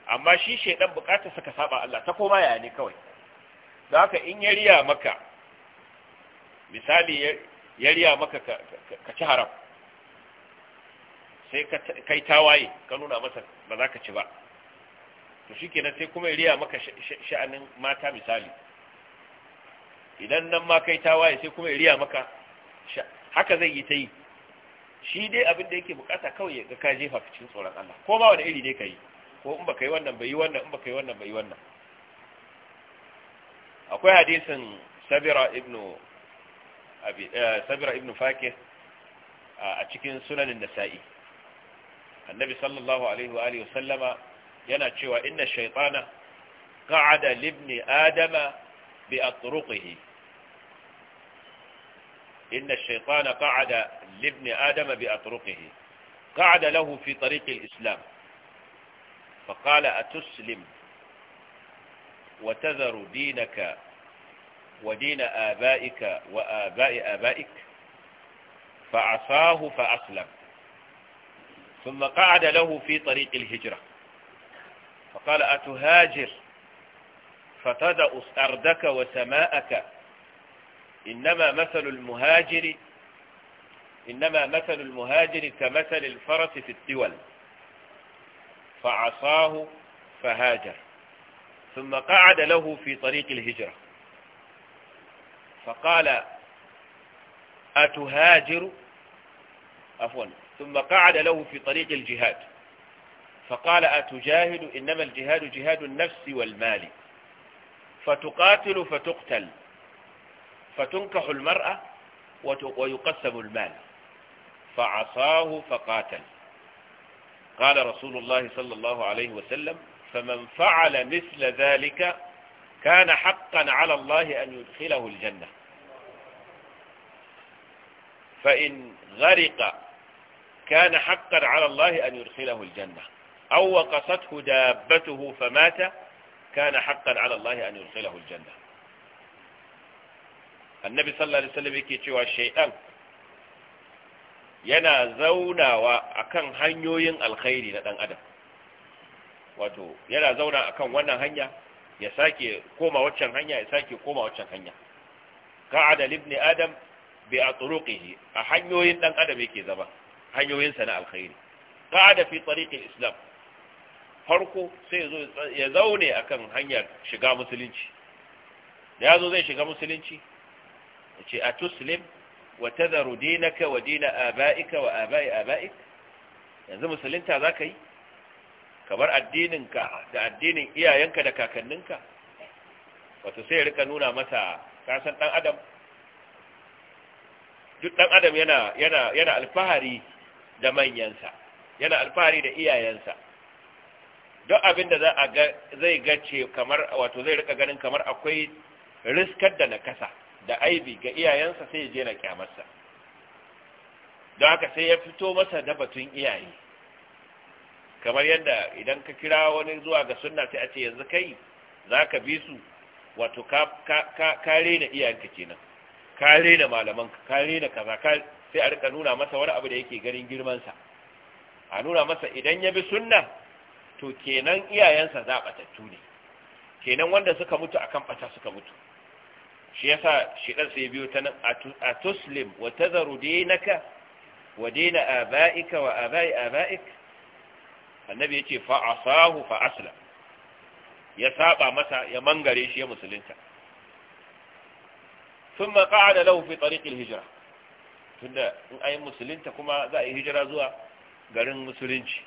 amma shi shaidan bukatar sa ka saba Allah ta koma yaya ne kawai don haka in ya riya maka misali ya riya maka ka ci haram sai kai tawaye ka nuna masa ba za ka ci ba to kenan sai kuma riya maka sha'anin mata misali idan nan ma kai tawaye sai kuma riya maka haka zai yi ta yi shi dai abin da yake bukata kawai ga ka jefa cikin tsoron Allah ko ba wani iri dai ka yi ko in baka yi wannan bai yi wannan in baka yi wannan bai yi wannan akwai hadisin sabira ibnu abi eh, sabira ibnu fakir a cikin sunanin nasa'i annabi sallallahu alaihi wa alihi wa sallama yana cewa inna shaytana qa'ada libni adama bi atruqihi inna shaytana qa'ada libni adama bi atruqihi qa'ada lahu fi tariq al-islam fa qala atuslim wa فقال أتسلم وتذر دينك ودين آبائك وآباء آبائك فعصاه فأسلم ثم قعد له في طريق الهجرة فقال أتهاجر فتدأ أرضك وسماءك إنما مثل المهاجر إنما مثل المهاجر كمثل الفرس في الدول فعصاه فهاجر ثم قعد له في طريق الهجرة فقال أتهاجر عفوا ثم قعد له في طريق الجهاد فقال أتجاهد إنما الجهاد جهاد النفس والمال فتقاتل فتقتل فتنكح المرأة ويقسم المال فعصاه فقاتل قال رسول الله صلى الله عليه وسلم فمن فعل مثل ذلك كان حقا على الله أن يدخله الجنة فإن غرق كان حقا على الله أن يدخله الجنة aw waqasathu dabbatuhu famata kana haqqan ala Allah an yursilahu aljanna annabi sallallahu alaihi wasallam yake cewa shaytan yana zaunawa a kan hanyoyin alkhairi na ɗan adam wato yana zauna a kan wannan hanya ya sake koma waccan hanya ya sake koma waccan hanya ka'ada libni adam bi atruqihi a hanyoyin ɗan adam yake zama hanyoyinsa na alkhairi ka'ada fi tsariƙin islam farko sai ya zo ya zaune hanyar shiga musulunci da ya zo zai shiga musulunci ya ce a tuslim wa zaru dinaka wa dina aba'ika wa aba'i aba'ik yanzu musulunta ka yi kamar addininka da addinin iyayenka da kakanninka wato sai ya rika nuna masa kasan dan adam duk dan adam yana alfahari da manyansa yana alfahari da iyayensa duk abin da ga zai gace kamar wato zai rika ganin kamar akwai riskar da nakasa da aibi ga iyayensa sai ya je na kyamarsa don haka sai ya fito masa da batun iyaye kamar yadda idan ka kira wani zuwa ga suna sai a ce yanzu kai za ka bi su wato kare na iyayenka kenan kare na malamanka kare na kaza sai a rika nuna masa wani abu da yake ganin girmansa a nuna masa idan ya bi sunna to kenan iyayensa za batattu ne kenan wanda suka mutu akan bata suka mutu shi yasa shi dan sai biyo ta nan A tuslim wa tazaru dinaka wa dina abaika wa abai abaik annabi yace fa asahu fa aslam ya saba masa ya mangare shi ya musulunta ثم قعد له في طريق hijira. tunda in ayi musulunta kuma za a yi hijira zuwa garin musulunci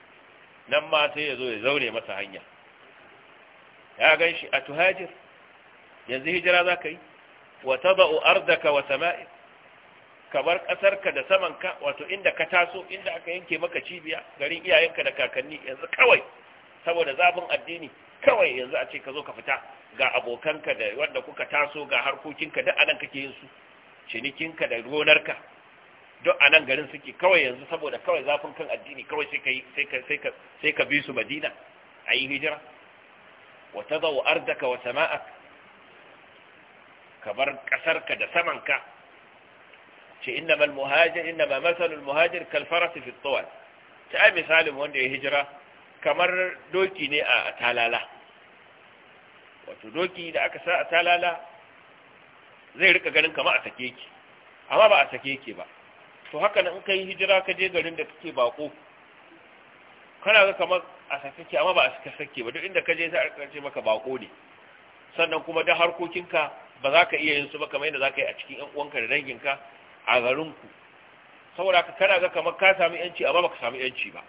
nan ma sai ya zo ya zaune masa hanya ya gan shi a tuhajir yanzu hijira za ka yi wa taba'u ardaka wa sama'i ka bar ƙasarka da samanka wato inda ka taso inda aka yanke maka cibiya garin iyayenka da kakanni yanzu kawai saboda zabin addini kawai yanzu a ce ka zo ka fita ga abokanka da wanda kuka taso ga harkokinka duk anan kake yin su cinikinka da gonarka duk a nan garin suke kawai yanzu saboda kawai zafin kan addini kawai sai ka bi su madina a yi hijira wa tadau ardaka wa sama'ak ka bar kasarka da samanka ce innamal muhajir innama masalul muhajir kal faras fi tawal ta ai misalin wanda ya hijira kamar doki ne a talala wato doki da aka sa a talala zai rika ganin kamar a sake ki amma ba a sake ki ba to haka nan in ka yi hijira ka je garin da kake bako kana ga kamar a sakake amma ba a saka sake ba duk inda ka je sai a maka bako ne sannan kuma da harkokinka ba za ka iya yin su ba kamar yadda za ka yi a cikin yan uwanka da danginka a garinku saboda ka kana ga kamar ka sami yanci amma baka sami yanci ba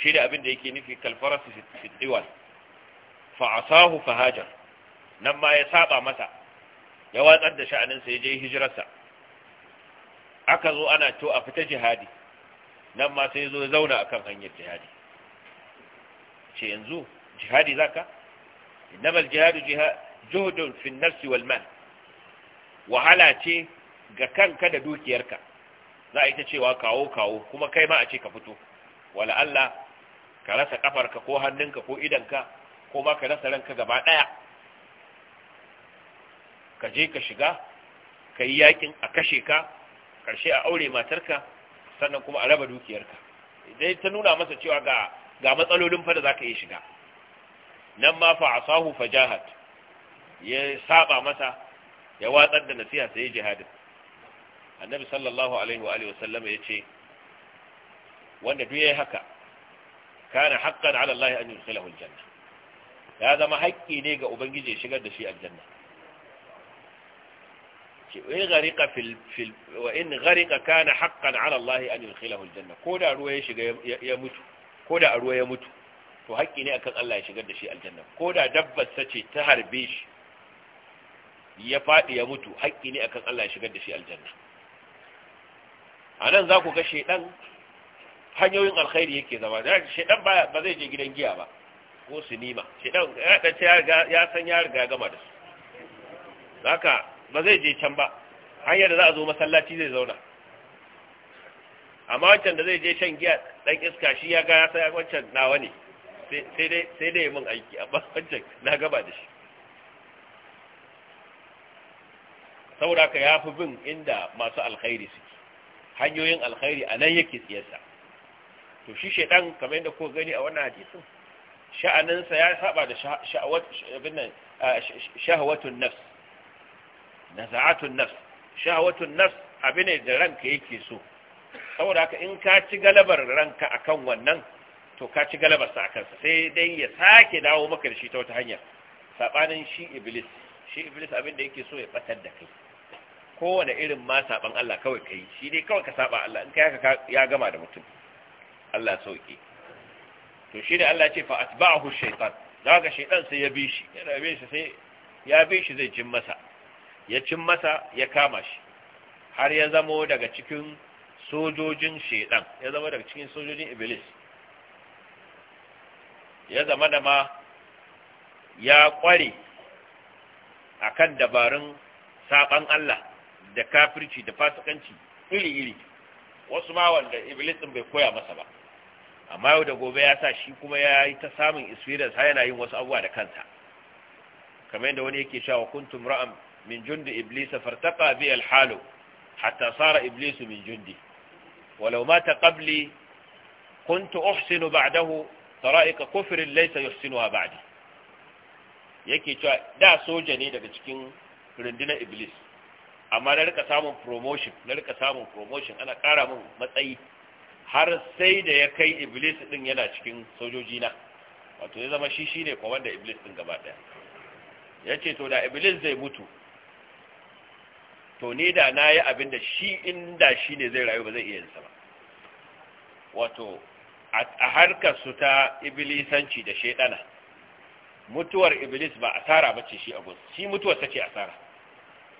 shi da abin da yake nufi kalfarasi fi diwal fa asahu fahajar nan ma ya saba masa ya watsar da sha'aninsa ya je hijirarsa aka zo ana to a fita jihadi nan ma sai zo zauna akan hanyar jihadi ce yanzu jihadi zaka innama aljihadu jihadu juhdun fi an wal mal wahala ce ga kanka da dukiyarka za a ita cewa kawo kawo kuma kai ma a ce ka fito wala Allah ka rasa kafarka ko hannunka ko idanka ko ma ka rasa ranka gaba daya ka je ka shiga ka yi yakin a kashe ka karshe a aure matarka sannan kuma a raba dukiyarka dai ta nuna masa cewa ga ga matsalolin fa da zaka yi shiga nan ma fa asahu fajahat ya saba masa ya watsar da nasiha sai jihadin annabi sallallahu alaihi wa alihi wasallam yace wanda duk yayi haka kana haqqan ala Allah an yudkhilahu aljanna ya zama haƙƙi ne ga ubangiji ya shigar da shi aljanna fil fil wa in gharika kana haƙƙan ala Allah an aljanna ko da ruwa ya shiga ya mutu ko da ruwa ya mutu to haƙƙi ne akan Allah ya shigar da shi aljanna ko da dabbar ce ta harbe shi ya faɗi ya mutu haƙƙi ne akan Allah ya shigar da shi aljanna anan za ku ga shedan hanyoyin alkhairi yake zama da shedan ba zai je gidan giya ba ko sinima shedan ya ya san ya riga gama da su zaka ba zai je can ba hanyar da za a zo masallaci zai zauna amma wancan da zai je shan giya dan iska shi ya ga ya sai wancan nawa ne sai dai sai dai mun aiki amma wancan na gaba da shi saboda ka yafi bin inda masu alkhairi suke hanyoyin alkhairi a nan yake tsiyarsa to shi shedan kamar yadda ko gani a wannan hadisin sha'aninsa ya saba da sha'awatun nafs naza'atun nafs shahwatun nafs ne da ranka yake so saboda haka in ka ci galabar ranka akan wannan to ka ci galabar sa akan sa sai dai ya sake dawo maka da shi ta wata hanya sabanin shi iblis shi iblis abin da yake so ya batar da kai kowane irin ma saban Allah kawai kai shi dai kawai ka saba Allah in kai haka ya gama da mutum Allah sauki to shi ne Allah ya ce fa atba'ahu shaytan zaka shaytan sai ya bi shi yana shi sai ya bi shi zai jin masa ya cin masa ya kama shi har ya zamo daga cikin sojojin shedan ya zama daga cikin sojojin iblis ya zama da ma ya kware akan dabarun saban Allah da kafirci da fasikanci iri-iri wasu ma wanda iblis din bai koya masa ba amma yau da gobe ya sa shi kuma ya yi ta samun experience har yana yin wasu abuwa da kansa kamar yadda wani yake sha cewa kuntum ra'am min jundi iblisa fartaqa bi alhalu hatta sara iblisu min jundi walau mata qabli kuntu uhsinu ba'dahu tara'iqa kufrin laysa yuhsinuha ba'di yake cewa da soja ne daga cikin rundunar iblis amma na rika samun promotion na rika samun promotion ana kara min matsayi har sai da ya kai iblis din yana cikin sojojina, wato ya zama shi shi ne kwawan wanda iblis din gaba daya yace to da iblis zai mutu to ni da na yi abin da shi inda shi ne zai rayu ba zai iya yinsa ba wato a harkar su ta iblisanci da shaidana mutuwar iblis ba asara ba ce shi a gudu shi mutuwar ta ce asara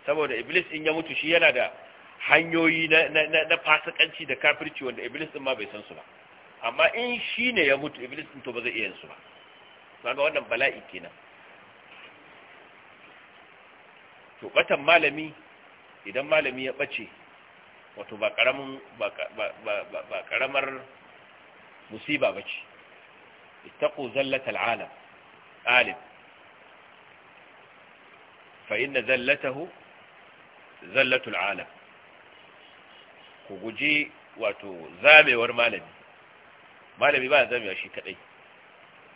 saboda iblis in ya mutu shi yana da hanyoyi na fasikanci da kafirci wanda iblis din ma bai san su ba amma in shi ne ya mutu iblis din to ba zai iya su ba kaga wannan bala'i kenan to batan malami idan malami ya bace wato ba karamin ba karamar musiba bace ittaqu zallatal alam alim fa inna zallatahu zallatul alam ku guji wato zamewar malami malami ba zamewa shi kadai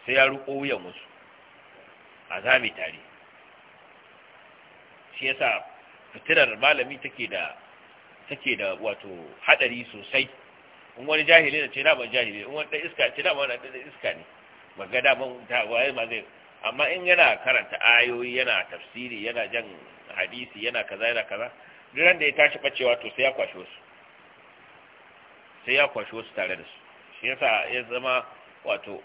sai ya ruko wuyan wasu a zame tare shi yasa fitirar malami take da take da wato hadari sosai in wani jahili ne ce na ban jahili in wani dan iska ce na ban da iska ne maga da ban ta waye ma zai amma in yana karanta ayoyi yana tafsiri yana jan hadisi yana kaza yana kaza duran da ya tashi bacewa to sai ya kwashe su sai ya kwashe su tare da su shi yasa ya zama wato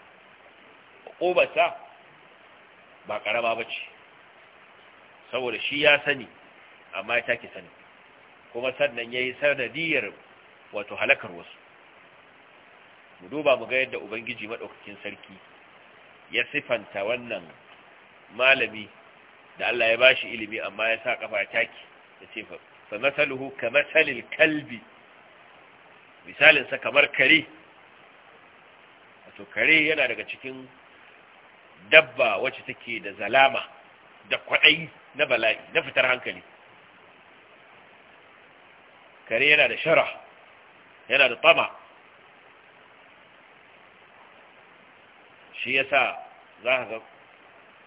ƙobarsa ba ƙarama ba ce saboda shi ya sani amma ya take sanin kuma sannan ya yi sanadiyar wato halakar wasu mu duba mu ga yadda ubangiji maɗaukakin sarki ya sifanta wannan malami da Allah ya bashi ilimi amma ya sa kafa take ya ce fa masaluhu ka masalil kalbi misalinsa kamar kare wato kare yana daga cikin dabba wacce take da zalama da kwaɗayi na bala'i na fitar hankali kare yana da shara yana da tsama shi ya sa za ka ga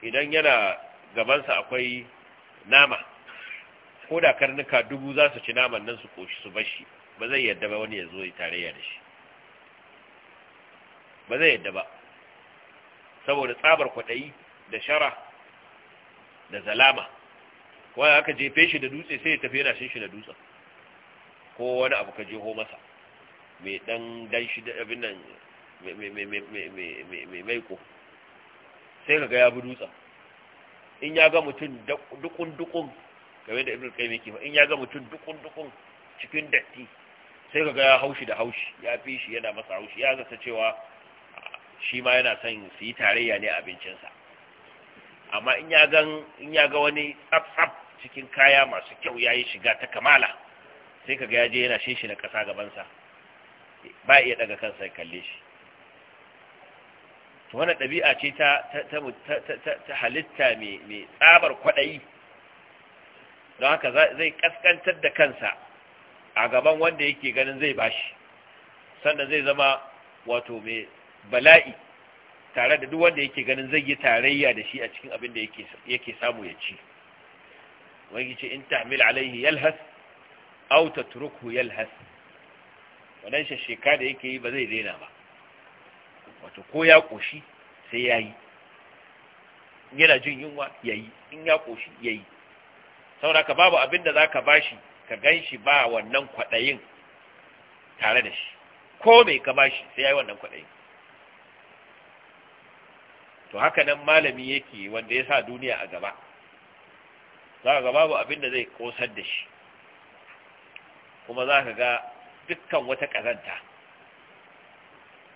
idan yana gabansa akwai nama ko da karnuka dubu za su ci naman nan su koshi su bashi ba zai yadda ba wani ya zo ya tarayya da shi ba zai yadda ba saboda tsabar kwaɗayi da shara da zalama wanda aka jefe shi da dutse sai ya tafi yana shin shi da dutsen ko wani abu ka jeho masa mai dan danshi da abin nan mai maiko sai ka ga ya bi dutsa. in ya ga mutum dukun-dukun game da ibn kai yake in ya ga mutum dukun-dukun cikin datti sai ka ga ya haushi da haushi ya fi shi yana masa haushi ya zata cewa shi ma yana son su yi tarayya ne a abincinsa amma in ya ga wani tsaf-tsaf cikin kaya masu kyau ya yi shiga ta kamala sai kaga yaje yana shishi na kasa gabansa ba iya daga kansa ya kalle shi to wannan ɗabi'a ce ta ta halitta mai tsabar kwaɗayi don haka zai kaskantar da kansa a gaban wanda yake ganin zai bashi sannan zai zama wato mai bala'i tare da duk wanda yake ganin zai yi tarayya da shi a cikin abin da yake samu ya ci wani ce in tahmil alaihi yalhas aw turuku yalhas wannan shasheka da yake yi ba zai daina ba wato ko ya koshi sai yayi yana jin yunwa yayi in ya koshi yayi saboda babu abin da zaka bashi ka ganshi ba wannan kwadayin tare da shi ko mai ka bashi sai yayi wannan kwadayin to haka nan malami yake wanda ya sa duniya a gaba za ga babu abin da zai kosar da shi kuma za ka ga dukkan wata ƙazanta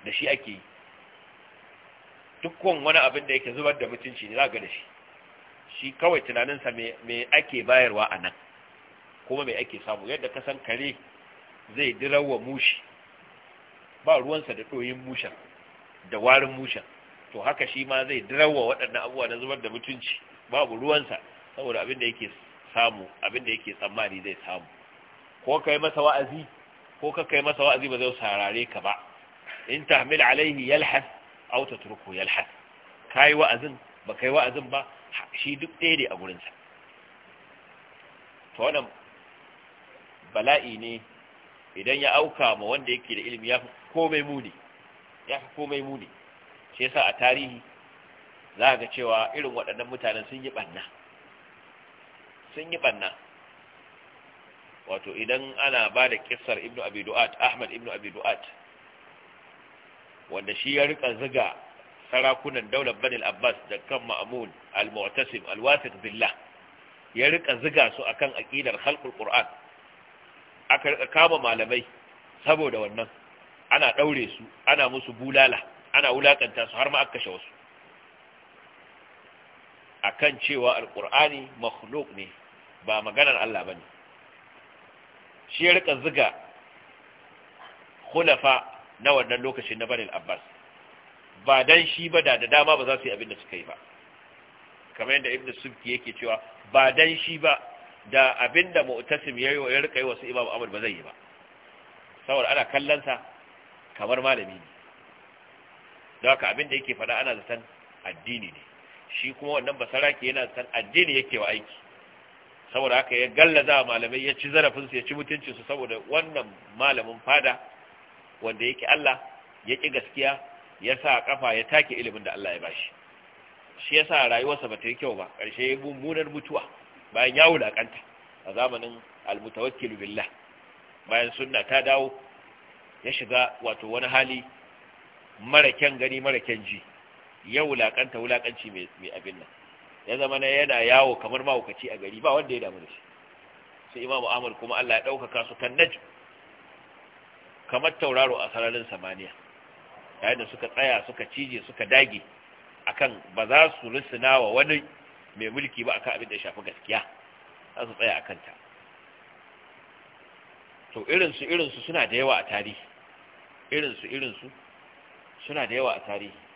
da shi ake yi dukkan wani abin da yake zubar da mutunci ne za ka da shi shi kawai tunaninsa me ake bayarwa a nan kuma me ake samu yadda ka san kare zai dirawa mushi ba ruwansa da ɗoyin mushen da warin mushen to haka shi ma zai dirawa waɗannan abubuwa na zubar da mutunci babu ruwansa saboda abin da yake samu abin da yake tsammani zai samu ko kai masa wa'azi ko ka kai masa wa'azi ba zai sarare ka ba in hamil alaihi yalhas aw turku yalhas kai wa'azin ba kai wa'azin ba shi duk ɗaya ne a gurin sa to wannan bala'i ne idan ya auka ma wanda yake da ilimi ya fi komai muni ya fi komai muni shi yasa a tarihi za ga cewa irin waɗannan mutanen sun yi ɓanna sun yi ɓanna wato idan ana ba da kissar ibnu abi ahmad wanda shi ya rika ziga sarakunan daular banil abbas da kan ma'amun al-mu'tasim al-wathiq billah ya rika ziga su akan aqidar khalqul qur'an aka rika kama malamai saboda wannan ana daure su ana musu bulala ana wulakanta su har ma aka kashe wasu akan cewa alqur'ani makhluq ne ba maganar Allah bane shi ya rika ziga hulafa na wannan lokacin na barin abbas ba dan shi ba da dama ba za su yi abin da suka yi ba kamar yadda Ibn subki yake cewa ba dan shi ba da abin da mu'tasim ya ya rika yi wasu imam amur ba zai yi ba saboda ana kallon kamar malami ne don haka abin da yake faɗa ana zaton addini ne shi kuma wannan basaraki yana zaton addini yake wa aiki saboda haka ya galla gallaza malamai ya ci zarafinsu ya ci mutuncinsu saboda wannan malamin fada wanda yake Allah ya ƙi gaskiya ya sa kafa ya take ilimin da Allah ya bashi shi ya sa rayuwarsa ba ta yi kyau ba ƙarshe ya mummunar mutuwa bayan ya wulaƙanta a zamanin almutawakkilu billah bayan sunna ta dawo ya shiga wato wani hali mara kyan gani mara kyan ji ya wulaƙanta wulaƙanci mai abin nan ya zama na yana yawo kamar mahaukaci a gari ba wanda ya damu da shi sai imamu amur kuma Allah ya ɗaukaka su kan najm kamar tauraro a sararin samaniya yayin da suka tsaya suka cije suka dage akan ba za su rusuna wa wani mai mulki ba akan abin da ya shafi gaskiya za su tsaya a ta to irinsu irinsu suna da yawa a tarihi irinsu irinsu suna da yawa a tarihi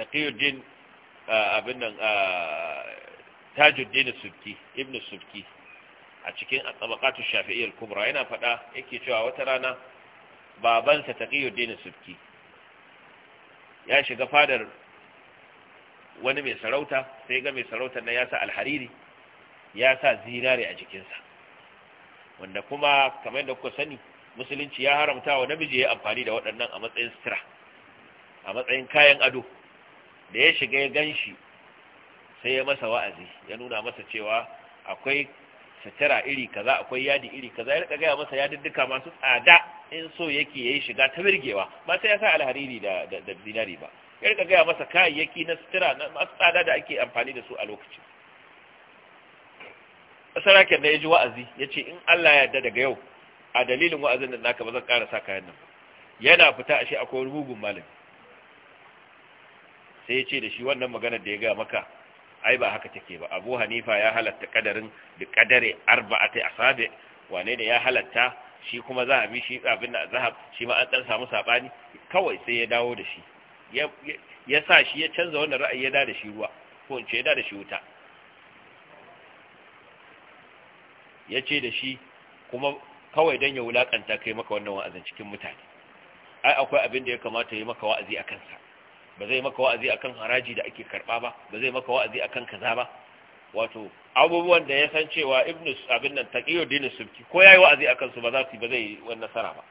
taqiyuddin abin nan tajuddin subki ibn subki a cikin tabaqatu shafi'iyyah al-kubra yana fada yake cewa wata rana babansa taqiyuddin subki ya shiga fadar wani mai sarauta sai ga mai sarautar nan ya sa alhariri ya sa zinare a jikinsa wanda kuma kamar da kuka sani musulunci ya haramta wa namiji ya amfani da waɗannan a matsayin sutura a matsayin kayan ado da ya shiga ya gan shi sai ya masa wa'azi ya nuna masa cewa akwai sutura iri kaza akwai yadi iri kaza ya rika gaya masa yadidduka masu tsada in so yake yayi shiga ta birgewa ba sai ya sa alhariri da zinari dinari ba ya rika gaya masa kayayyaki na sutura na masu tsada da ake amfani da su a lokacin sarakin da ya ji wa'azi ya ce in Allah ya yarda daga yau a dalilin wa'azin da naka ba zan ƙara kayan nan yana fita ashe akwai wani malami sai ya ce da shi wannan maganar da ya gaya maka ai ba haka take ba abu hanifa ya halatta kadarin da kadare arba'ati asabe wane ne ya halatta shi kuma zahabi shi abin da zahab shi ma an dan samu sabani kawai sai ya dawo da shi ya sa shi ya canza wannan ra'ayi ya da da shi ruwa ko in ce ya da da shi wuta ya ce da shi kuma kawai don ya wulakanta kai maka wannan wa'azin cikin mutane ai akwai abin da ya kamata ya yi maka wa'azi a kansa ba zai maka wa'azi a kan haraji da ake karɓa ba ba zai maka wa'azi a kan kaza ba wato abubuwan da ya san cewa ibnus abin nan taqiyuddin subki ko ya yi wa'azi a kansu ba za su ba zai wannan nasara ba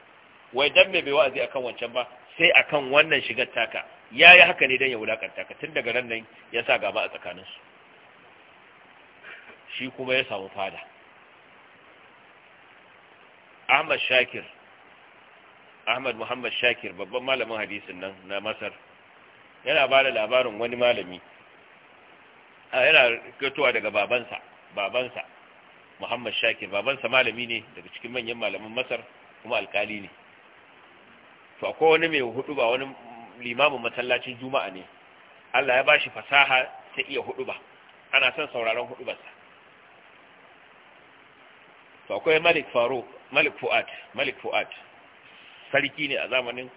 wai dan me bai wa'azi a kan wancan ba sai a kan wannan shigar taka Ya yi haka ne dan ya wulakanta ka tun daga ran nan ya sa gaba a tsakanin su shi kuma ya samu fada Ahmad Shakir Ahmad Muhammad Shakir babban malamin hadisin nan na Masar yana ba da labarin wani malami yana gatowa daga babansa babansa muhammad shakir babansa malami ne daga cikin manyan malaman masar kuma alkali ne to akwai wani mai hudu ba wani limamin masallacin juma'a ne allah ya ba shi fasaha ta iya hudu ba ana son sauraron hudu ba to akwai malik faruk malik fuad malik fuad sarki ne a zamanin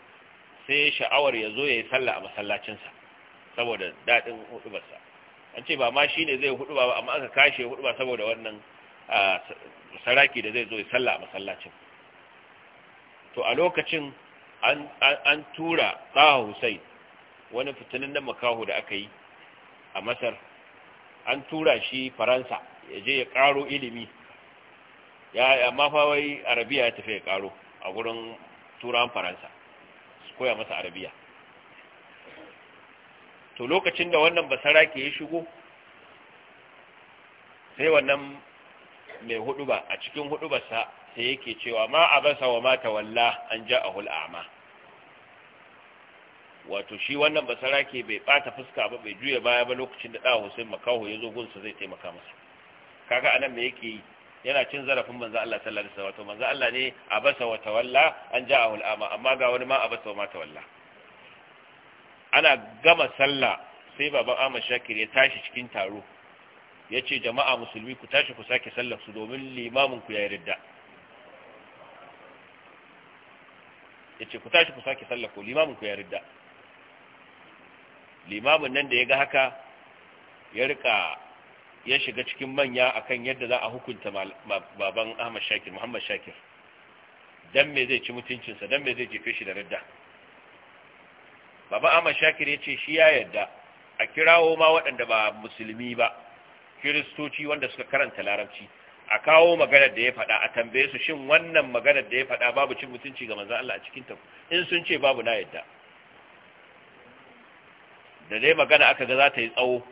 sai sha'awar ya zo ya yi sallah a masallacinsa saboda daɗin hudubarsa an ce ba ma shi ne zai huduba ba amma aka kashe ba saboda wannan saraki da zai zo ya sallah a masallacin to a lokacin an tura tsaha hussein wani fitinin nan makaho da aka yi a masar an tura shi faransa ya je ya ƙaro ilimi ya amma fawai arabiya ya tafi ya ƙaro a wurin turan faransa koya masa arabiya to lokacin da wannan basarake ya shigo sai wannan mai ba, a cikin sa sai yake cewa ma a basa wa mata walla an ja a al'ama wato shi wannan basarake bai bata fuska ba bai juya baya ba lokacin da ɗawa Hussein makaho ya zo gunsa zai taimaka masa kaga anan me yake yi yana cin zarafin manzo Allah sallallahu alaihi wasallam manzo Allah ne abasa wa tawalla an ja'ahu ama amma ga wani ma abasa wa ma tawalla ana gama sallah sai baban Ahmad Shakir ya tashi cikin taro yace jama'a musulmi ku tashi ku sake sallar su domin limamin ku yayi ridda yace ku tashi ku sake sallar ku limamin ku yayi ridda limamin nan da ya ga haka ya rika ya shiga cikin manya akan yadda za a hukunta baban Ahmad Shakir Muhammad Shakir dan me zai ci mutuncinsa dan me zai jefe shi da radda baba Ahmad Shakir ya ce shi ya yadda a kirawo ma waɗanda ba musulmi ba kiristoci wanda suka karanta larabci a kawo maganar da ya faɗa a tambaye su shin wannan maganar da ya faɗa babu cin mutunci ga manzon Allah a cikin ta in sun ce babu na yadda da dai magana aka ga za ta yi tsawo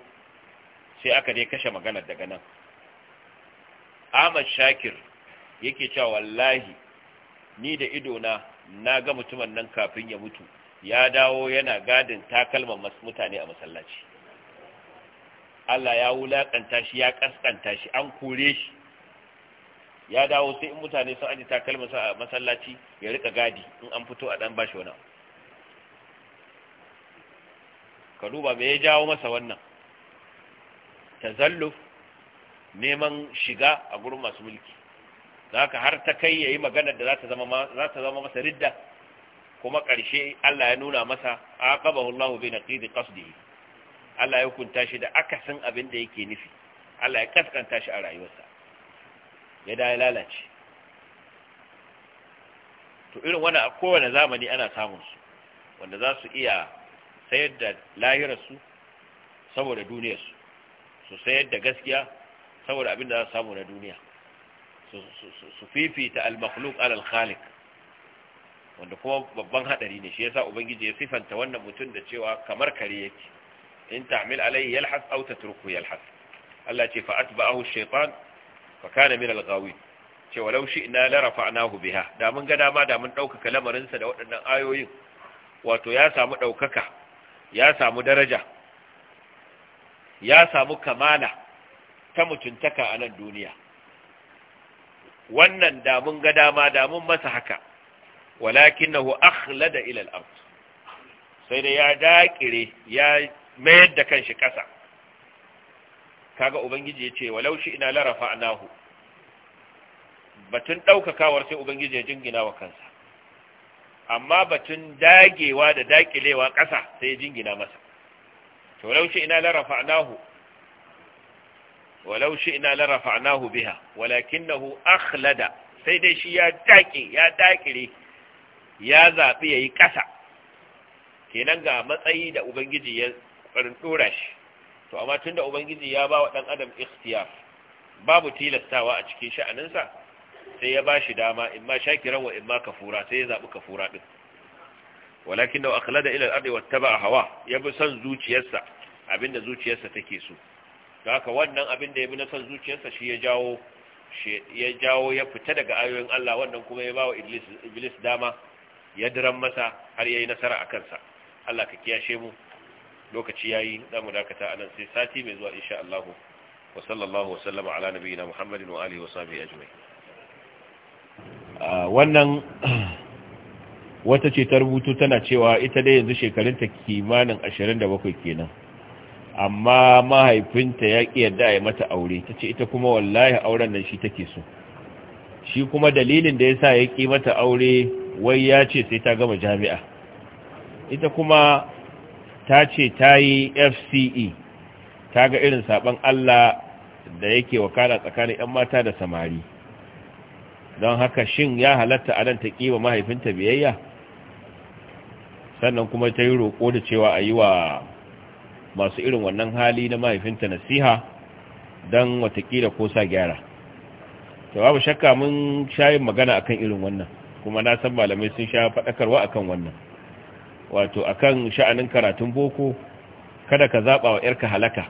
sai aka dai kashe maganar daga nan Ahmad Shakir yake cewa wallahi ni da idona na ga mutumin nan kafin ya mutu ya dawo yana gadin takalman mutane a masallaci Allah ya wulakanta shi ya kaskanta shi an kore shi ya dawo sai in mutane sun aji takalman a masallaci ya rika gadi in an fito a dan bashi wani ka duba me ya jawo masa wannan tazalluf neman shiga a gurin masu mulki zaka har ta kai yayi magana da za zama zata zama masa ridda kuma ƙarshe Allah ya nuna masa aqabahu Allahu bi naqidi qasdihi Allah ya hukunta shi da akasin abin da yake nufi Allah ya kaskanta shi a rayuwarsa ya da ya lalace to irin wani a kowane zamani ana samun su wanda za su iya sayar da lahirarsu saboda duniyarsu su sayar da gaskiya saboda abin da za su samu na duniya su fifita al-makhluq alal khaliq wanda kuma babban hadari ne shi yasa ubangiji ya sifanta wannan mutum da cewa kamar kare yake in ta'mil alayhi yalhas aw tatruku yalhas Allah ce fa atba'ahu ash-shaytan fa kana min al-ghawin cewa law shi'na la rafa'nahu biha da mun ga dama da mun dauka lamarin sa da waɗannan ayoyin wato ya samu daukaka ya samu daraja ya samu kamala ta mutuntaka a nan duniya wannan da mun ga dama da mun masa haka walakinahu akhlada ila al-ard sai da ya dakire ya mayar da kanshi kasa kaga ubangiji yace walau shi ina la rafa'nahu batun daukakawar sai ubangiji ya jingina wa kansa amma batun dagewa da dakilewa kasa sai ya jingina masa to law shi'na la rafa'nahu walau shi'na la rafa'nahu sai dai shi ya take ya dakire ya zabi yayi kasa kenan ga matsayi da ubangiji ya karin dora shi to amma tunda ubangiji ya ba wa dan adam ikhtiyar babu tilastawa a cikin sha'aninsa sai ya ba shi dama in ma shakiran wa in ma kafura sai ya zabi kafura din walakin da akhlada ila al-ardi wattaba hawa ya bi san zuciyarsa abinda zuciyarsa take so don haka wannan abinda da ya bi na san zuciyarsa shi ya jawo ya jawo ya fita daga ayoyin Allah wannan kuma ya bawa iblis iblis dama ya diran masa har yayi nasara a kansa Allah ka kiyashe mu lokaci yayi zamu mu dakata anan sai sati mai zuwa insha Allah wa sallallahu wa sallama ala nabiyyina Muhammadin wa alihi wa sahbihi ajma'in ah, wannan wata ce ta rubutu tana cewa ita dai yanzu shekarunta kimanin ashirin da 27 kenan amma mahaifinta ya ƙi yadda ya mata aure ta ce ita kuma wallahi auren nan shi take so shi kuma dalilin da ya sa ya ƙi mata aure wai ya ce sai ta gama jami'a ita kuma ta ce ta yi fce ta ga irin sabon allah da yake wakana tsakanin 'yan mata da samari don haka shin ya halatta a nan ta ƙi mahaifinta biyayya sannan kuma ta yi roƙo da cewa a yi wa masu irin wannan hali na mahaifinta nasiha don watakila ko sa gyara Ta babu shakka mun shayin magana akan irin wannan kuma na san malamai sun sha faɗakarwa akan wannan wato akan sha'anin karatun boko kada ka zaɓa wa 'yarka halaka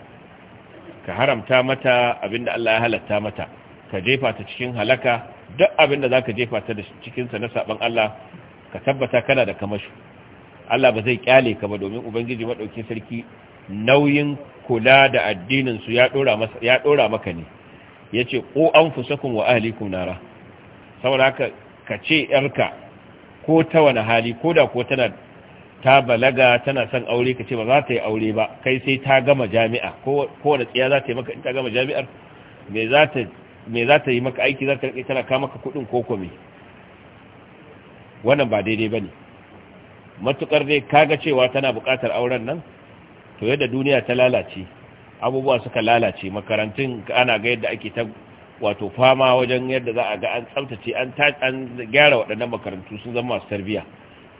ka haramta mata abin da Allah ya halatta mata ka jefa ta cikin halaka duk abinda za ka jefa ta da cikinsa na saɓan Allah ka tabbata kana da kamashu Allah ba zai kyale ka ba domin ubangiji maɗaukin sarki nauyin kula da addinin su ya dora masa ya dora maka ne yace qu anfusakum wa ahlikum nara saboda haka ka ce yarka ko ta wani hali ko da ko tana ta balaga tana son aure ka ce ba za ta yi aure ba kai sai ta gama jami'a ko wani tsiya za ta yi maka in ta gama jami'ar me za ta yi maka aiki za ta rike tana kama ka kudin ko kome wannan ba daidai ba ne matukar dai kaga cewa tana bukatar auren nan to yadda duniya ta lalace abubuwa suka lalace makarantun ana ga yadda ake ta wato fama wajen yadda za a ga an tsaftace an gyara waɗannan makarantu sun zama masu tarbiyya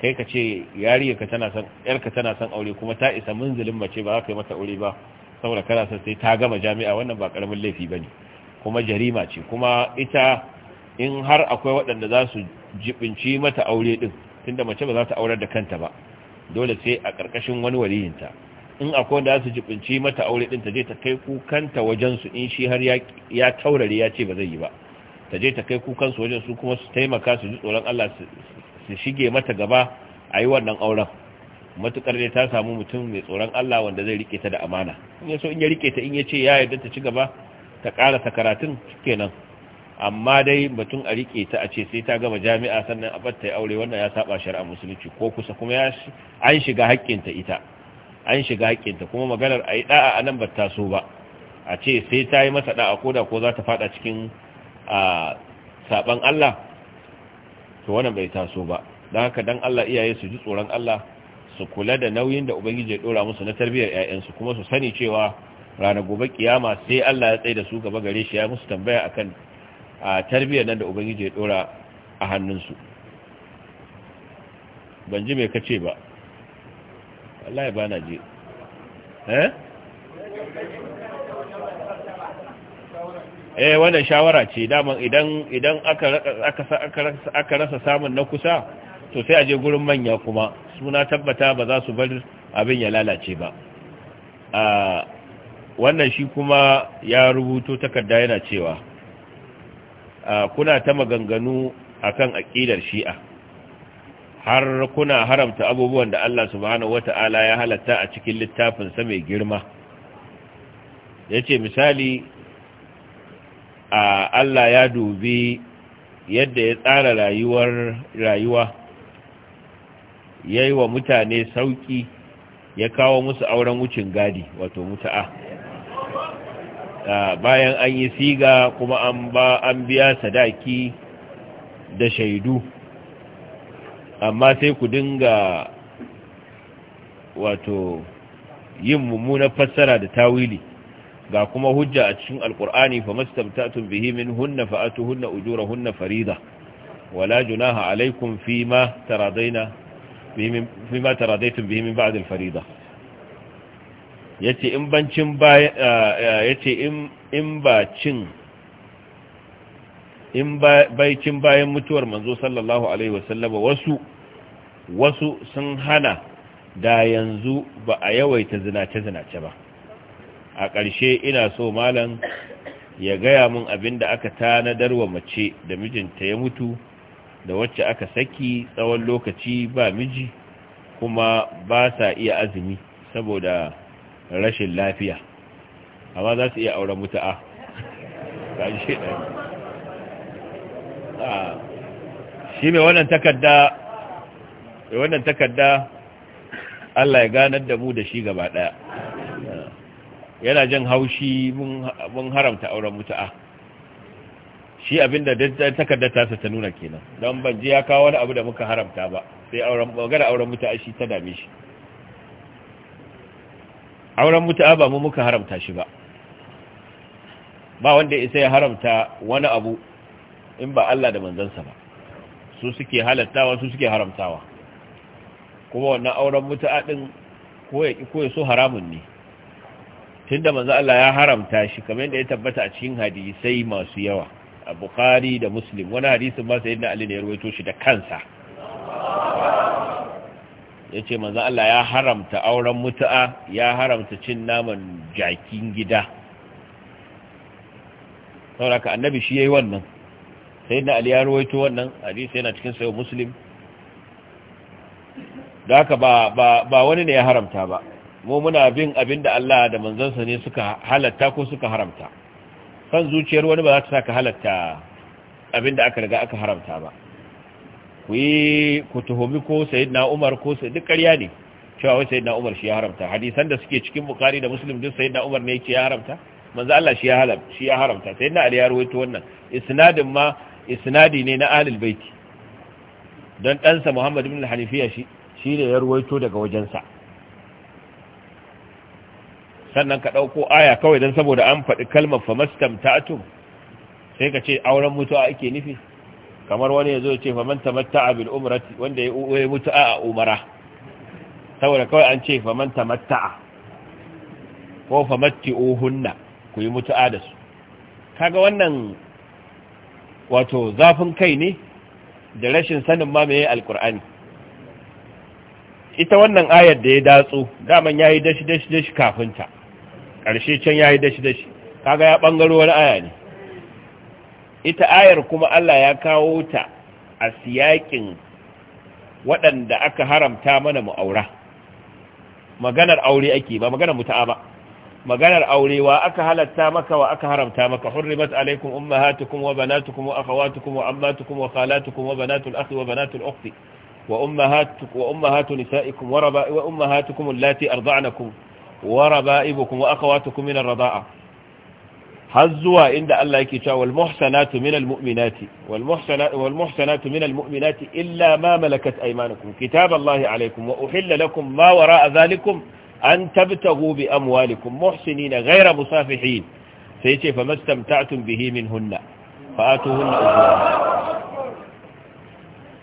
kai ka ce yariyarka tana son yarka tana son aure kuma ta isa munzilin mace ba za ka yi mata aure ba saboda kana son sai ta gama jami'a wannan ba karamin laifi bane kuma jarima ce kuma ita in har akwai waɗanda za su jibinci mata aure din tunda mace ba za ta aurar da kanta ba dole sai a ƙarƙashin wani waliyinta in akwai wanda su jibinci mata aure din ta je ta kai kukanta wajen su in shi har ya taurari ya ce ba zai yi ba ta je ta kai kukansu su wajen su kuma su taimaka su ji tsoron Allah su shige mata gaba a yi wannan auren matukar ne ta samu mutum mai tsoron Allah wanda zai rike ta da amana in ya so in ya rike ta in ya ce ya yarda ta ci gaba ta ƙara ta karatun kenan amma dai batun a rike ta a ce sai ta gama jami'a sannan a batta ya aure wannan ya saba shari'a musulunci ko kusa kuma ya an shiga haƙƙinta ita an shiga haƙƙinta kuma maganar a yi da'a a nan ba ta so ba a ce sai ta yi masa da'a koda ko za ta fada cikin saban Allah to wannan bai taso ba dan haka dan Allah iyaye su ji tsoron Allah su kula da nauyin da ubangiji ya dora musu na tarbiyyar ƴaƴansu kuma su sani cewa ranar gobe kiyama sai Allah ya tsaye da su gaba gare shi ya musu tambaya akan a tarbiyyar nan da ubangiji ya dora a hannunsu ban ji mai kace ba wallahi ba na je eh? eh wannan shawara ce daman idan idan aka rasa samun na kusa to sai a je gurin manya kuma suna tabbata ba za su bar abin ya lalace ba ah, wannan shi kuma ya rubuto takarda yana cewa kuna ta maganganu akan aƙidar shi'a har kuna haramta abubuwan da Allah subhanahu wata'ala ya halatta a cikin littafinsa mai girma yace misali a Allah ya dubi yadda ya tsara rayuwar rayuwa ya yi wa mutane sauƙi ya kawo musu auren wucin gadi wato mutu'a bayan an yi siga kuma an ba an biya sadaki da shaidu amma sai ku dinga wato yin mummunar fassara da tawili ga kuma hujja a cikin alkur'ani fa mastamtatun bihi min hunna fa Ujura, hunna farida wala junaha alaikum fima taradaina fima taradaitum bihi min ba'd al-farida yace in bancin baya eh, eh, yace in bacin bayan mutuwar manzo sallallahu alaihi wasallama wasu wasu sun hana da yanzu ba a yawaita zinace zinace ba a ƙarshe ina so malam ya gaya mun abin da aka tanadar wa mace da mijinta ya mutu da wacce aka saki tsawon lokaci ba miji kuma ba sa iya azumi saboda rashin lafiya amma za su iya auren mutu'a kan shi ah. shi ne wannan takarda wannan takarda Allah ya ganar da mu da shi gaba ɗaya yana jin haushi mun haramta auren mutu'a shi abinda takardar takarda ta nuna kenan don ban ji ya kawo wani abu da muka haramta ba sai auren magana auren mutu'a shi ta dame shi auren mutu'a ba mu muka haramta shi ba ba wanda isa ya haramta wani abu in ba Allah da manzansa ba su suke halattawa su suke haramtawa kuma wannan auren mutu'a din ko ya ki ko ya so haramun ne tunda manzo Allah ya haramta shi kamar yadda ya tabbata a cikin hadisi masu yawa a Bukhari da Muslim wani hadisin ma sayyidina Ali ne ya ruwaito shi da kansa ya ce manzan Allah ya haramta auren mutu'a ya haramta cin naman jakin gida sauraka annabi shi ya yi wannan sai na ya ruwaito wannan hadisi yana cikin sayo muslim da haka ba wani ne ya haramta ba mu muna bin abin da Allah da manzansa ne suka halatta ko suka haramta kan zuciyar wani ba za ta saka halatta abinda aka riga aka haramta ba ku yi ku tuhumi ko sayyidina Umar ko sai duk ƙarya ne cewa wai sayyidina Umar shi ya haramta hadisan da suke cikin Bukhari da Muslim duk sayyidina Umar ne yake ya haramta manzo Allah shi ya halam shi ya haramta sayyidina Ali ya rawaito wannan isnadin ma isnadi ne na ahlul baiti dan ɗansa Muhammad ibn al-Hanifiya shi shi ne ya ruwaito daga wajensa sannan ka ɗauko aya kawai don saboda an faɗi kalmar famastam ta'atum sai ka ce auren mutuwa ake nufi kamar wani ya zo ce fa tamatta tamatta'a bil umrati wanda ya mutu a umara saboda kawai an ce fa tamatta a ko fa ohunna ku yi mutu'a da su kaga wannan wato zafin kai ne da rashin sanin ma alkur'ani ita wannan ayar da ya datsu daman ya dashi dashi dashi kafinta ƙarshe can ya yi dashi dashi kaga ya bangaro wani aya ne ita ayar kuma Allah ya kawo ta a siyakin waɗanda aka haramta mana mu'aura maganar aure ake ba maganar mutu'a ba maganar aure wa aka halatta maka wa aka haramta maka hurrimat alaikum ummahatukum wa banatukum wa akhawatukum wa ammatukum wa khalatukum wa banatul akhi wa banatul ukhti wa ummahatukum wa ummahatu nisaikum wa raba'i wa ummahatukum allati arda'nakum wa raba'ibukum wa akhawatukum min ar-rida'a har zuwa inda Allah yake cewa wal muhsanatu minal mu'minati wal muhsanatu wal muhsanatu minal mu'minati illa ma malakat aymanukum kitaballahi alaykum wa uhilla lakum ma wara'a dhalikum an tabtagu bi amwalikum muhsinina ghayra musafihin sai yace fa mastamta'tum bihi minhunna fa atuhunna ujurahunna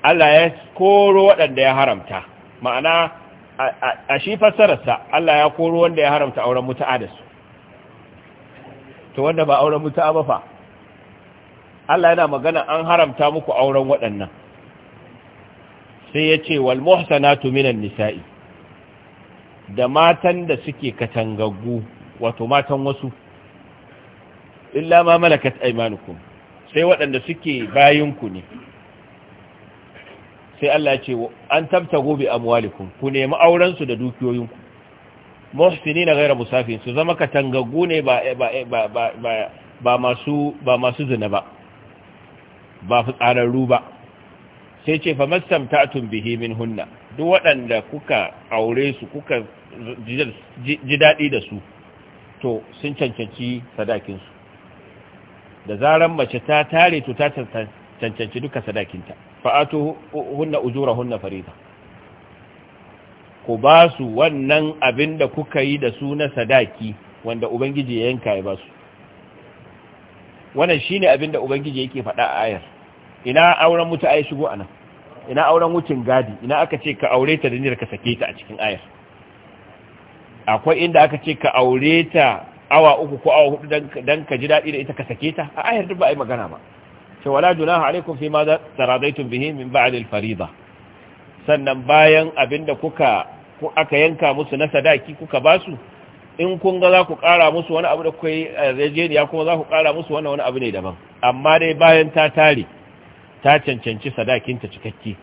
Allah ya koro waɗanda ya haramta ma'ana a shi fassararsa Allah ya koro wanda ya haramta auren mutu'a da su to wanda ba auren muta ba fa Allah yana magana an haramta muku auren waɗannan sai ya ce wal muhsanatu minan nisa'i da matan da suke katangaggu wato matan wasu illa ma malakat aymanukum sai waɗanda suke bayinku ne sai Allah ce an tabtago bi amwalikum ku nemi auren su da dukiyoyinku na gaira musafin su zama katangaggu ne ba masu zina ba ba fitsararru ba sai ce fa mastamta'tum bihi hunna duk waɗanda kuka aure su kuka ji daɗi da su to sun cancanci sadakinsu da zaran mace ta tare to ta cancanci duka sadakinta fa'atu hunna ujura hunna farida ku ba su wannan abin da kuka yi da su na sadaki wanda ubangiji ya yanka ya ba su wannan shi ne abin da ubangiji yake faɗa a ayar ina auren mutu ayi shigo a nan? ina auren wucin gadi ina aka ce ka aure ta da niyyar ka sake ta a cikin ayar akwai inda aka ce ka aure ta awa uku ko awa hudu don ka ji daɗi da ita ka sake ta a ayar duk ba a yi magana ba ce wala junaha alaikum fi ma taradaitum bihi min ba'adil fariba. sannan bayan abin da kuka ko aka yanka musu na sadaki kuka basu in kun ga za ku ƙara musu wani abu da kuka yi yarjejeniya kuma za ku ƙara musu wannan wani abu ne daban amma dai bayan ta tare ta cancanci sadakinta cikakke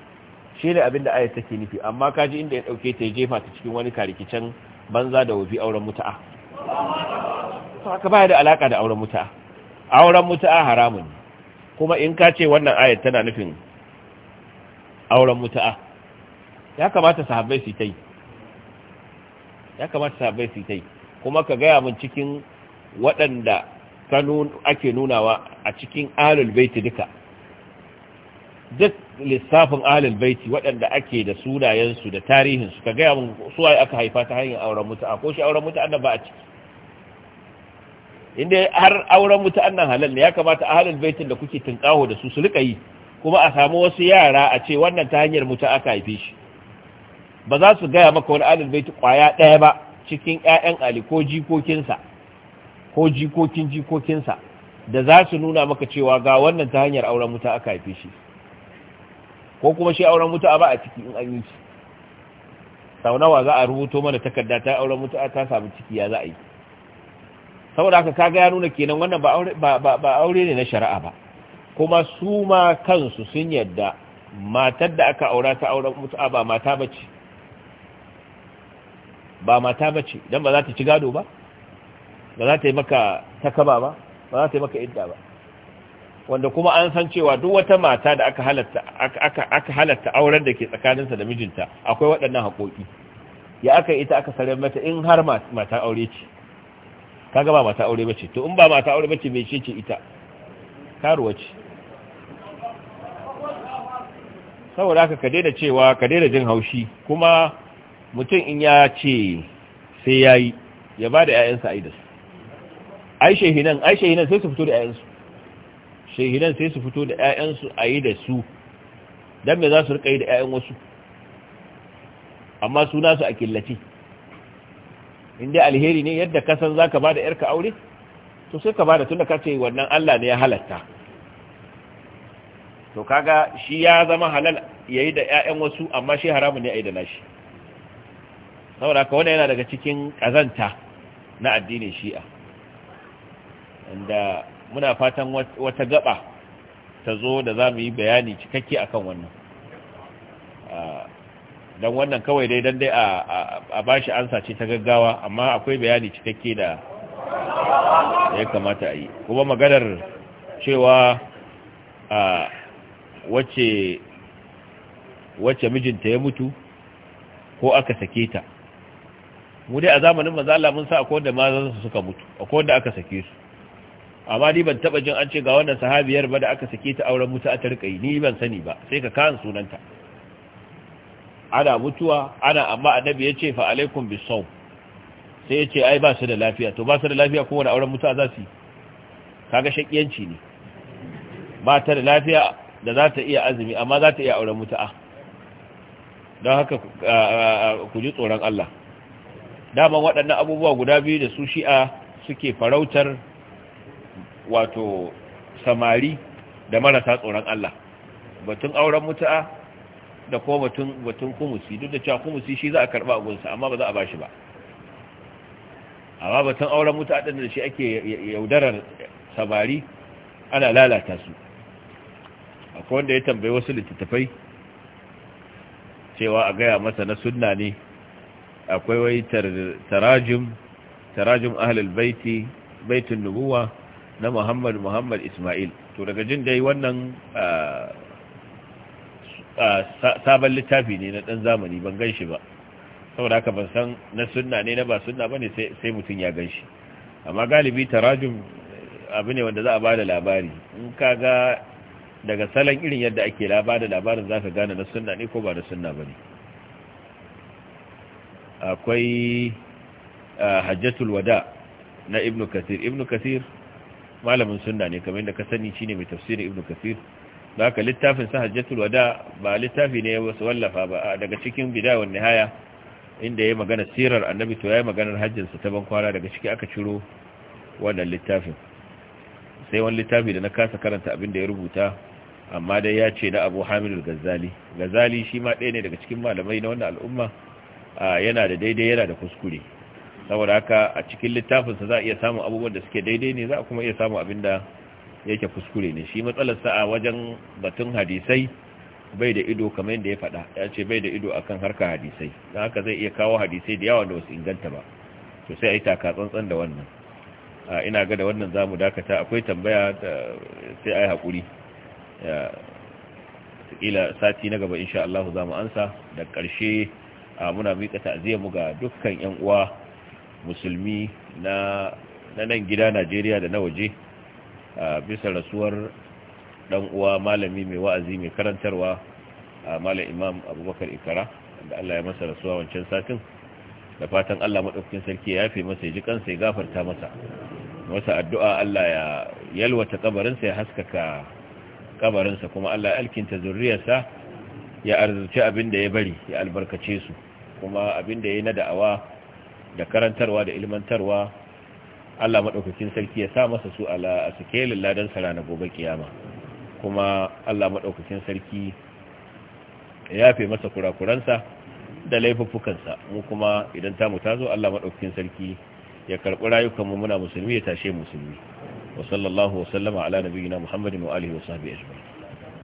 shi ne abin da ayat take nufi amma kaji inda ya ɗauke ta ya jefa ta cikin wani karikicen banza da wofi auren mutu'a haka baya da alaka da auren mutu'a auren mutu'a haramun ne kuma in ka ce wannan ayat tana nufin auren mutu'a ya kamata sahabbai su yi ta yi ya kamata sahabbai su yi kuma ka gaya min cikin waɗanda ake nunawa a cikin alul baiti duka duk lissafin alul baiti waɗanda ake da sunayensu da tarihinsu ka gaya min suwaye aka haifa ta hanyar auren mutu ko shi auren mutu annan ba a ciki inda har auren mutu annan halal ne ya kamata alul baitin da kuke tunƙaho da su su riƙa yi kuma a samu wasu yara a ce wannan ta hanyar mutu aka haife shi ba za su gaya maka wani alil baiti kwaya ɗaya ba cikin ƴaƴan ali ko jikokinsa ko jikokin jikokinsa da za su nuna maka cewa ga wannan ta hanyar auren muta aka haife shi ko kuma shi auren muta ba a ciki in an yi shi sau nawa za a rubuto mana takarda ta auren muta ta samu ciki ya za a yi saboda haka kaga ya nuna kenan wannan ba aure ne na shari'a ba kuma su ma kansu sun yadda matar da aka aura ta auren mutu'a ba mata bace ba mata ba ce don ba za ta ci gado ba ba za ta yi maka takaba ba ba za ta yi maka idda ba wanda kuma an san cewa duk wata mata da aka halatta aka halatta auren da ke tsakaninsa da mijinta akwai waɗannan haƙoƙi ya aka yi ita aka sare mata in har mata aure ce kaga ba mata aure bace to in ba mata aure bace me ce ce ita karuwa ce saboda haka ka daina cewa ka daina jin haushi kuma mutum in ya ce sai ya yi ya ba da 'ya'yansa a su ai shehinan ai shehinan sai su fito da 'ya'yansu shehinan sai su fito da 'ya'yansu a yi da su don me za su rika yi da 'ya'yan wasu amma suna su a killace inda alheri ne yadda kasan za ka ba da 'yarka aure to sai ka ba da tun da ka ce wannan allah ne ya halatta to kaga shi ya zama halal ya yi da 'ya'yan wasu amma shi haramun ne a yi da nashi saboda haka wanda yana daga cikin ƙazanta na addinin shi'a inda muna fatan wata gaba ta zo da za mu yi bayani cikakke akan wannan don wannan kawai dai don dai a bashi ansa ce ta gaggawa amma akwai bayani cikakke da ya kamata a yi kuma maganar cewa a wacce mijinta ya mutu ko aka sake ta mu dai a zamanin maza Allah mun sa akwai da mazan su suka mutu akwai wanda aka sake su amma ni ban taba jin an ce ga wannan sahabiyar ba da aka sake ta auren mutu a tarka ni ban sani ba sai ka kan sunanta ana mutuwa ana amma annabi ya ce fa alaikum sai ya ce ai ba su da lafiya to ba su da lafiya kowa da auren mutu za su yi kaga shakiyanci ne ba ta da lafiya da za ta iya azumi amma za ta iya auren mutu'a don haka ku ji tsoron Allah daman waɗannan abubuwa guda biyu da su shi'a suke farautar wato samari da marasa tsoron Allah batun auren mutu'a da kuma batun batun kumusi duk da cewa kumusi shi za a karba abunsa amma ba za a bashi ba amma batun auren mutu'a din da shi ake yaudarar samari ana lalata su akwai wanda ya tambayi wasu littattafai cewa a gaya masa na sunna ne akwai wai tarajum tarajum ahlul baiti baitin nubuwa na Muhammad Muhammad Ismail to daga jin dai wannan sabon littafi ne na dan zamani ban gan shi ba saboda haka ban san na sunna ne na ba sunna ba ne sai mutum ya gan shi amma galibi tarajum abu ne wanda za a bada labari in ka ga daga salon irin yadda ake bada labarin ka gane na sunna ne ko ba na sunna ne. akwai ah, hajjatul wada na ibn kathir ibn kathir malamin sunna ne kamar yadda ka sani shine mai tafsirin ibn kathir da haka littafin sa hajjatul wada ba littafi ne wasu wallafa ba daga cikin bidawan nihaya inda yayi magana sirar annabi to yayi maganar hajjin sa ta ban kwana daga ciki aka ciro wannan littafin sai wani littafi da na kasa karanta abin da ya rubuta amma dai ya ce na Abu Hamid al-Ghazali Ghazali shi ma ɗaya ne daga cikin malamai na wannan al'umma yana da daidai yana da kuskure saboda haka a cikin littafinsa za a iya samu abubuwan da suke daidai ne za kuma iya samu abin da yake kuskure ne shi matsalar sa a wajen batun hadisai bai da ido kamar yadda ya faɗa ya ce bai da ido akan harka hadisai don haka zai iya kawo hadisai da yawa da wasu inganta ba to sai a taka tsantsan da wannan ina ga da wannan zamu dakata akwai tambaya sai a yi haƙuri kila sati na gaba insha Allah za mu ansa da ƙarshe muna miƙa ta'aziyar mu ga dukkan yan uwa musulmi na nan gida Najeriya da na waje a bisa rasuwar dan uwa malami mai wa'azi mai karantarwa malam Imam Abubakar Ikara da Allah ya masa rasuwa wancan satin da fatan Allah madaukakin sarki ya yafe masa ya ji kansa ya gafarta masa masa addu'a Allah ya yalwata kabarinsa ya haskaka kabarinsa kuma Allah ya alkinta zurriyarsa ya arzuci abin da ya bari ya albarkace su kuma abin da ya na da'awa da karantarwa da ilmantarwa Allah maɗaukakin sarki ya sa masa su ala a sikelin ladan sara na gobe kiyama kuma Allah maɗaukakin sarki ya yafe masa kurakuransa da laifuffukansa mu kuma idan tamu ta zo Allah maɗaukakin sarki ya karɓi rayukanmu muna musulmi ya tashe musulmi wa sallallahu wa sallama ala nabiyyina muhammadin wa alihi wa sahbihi ajma'in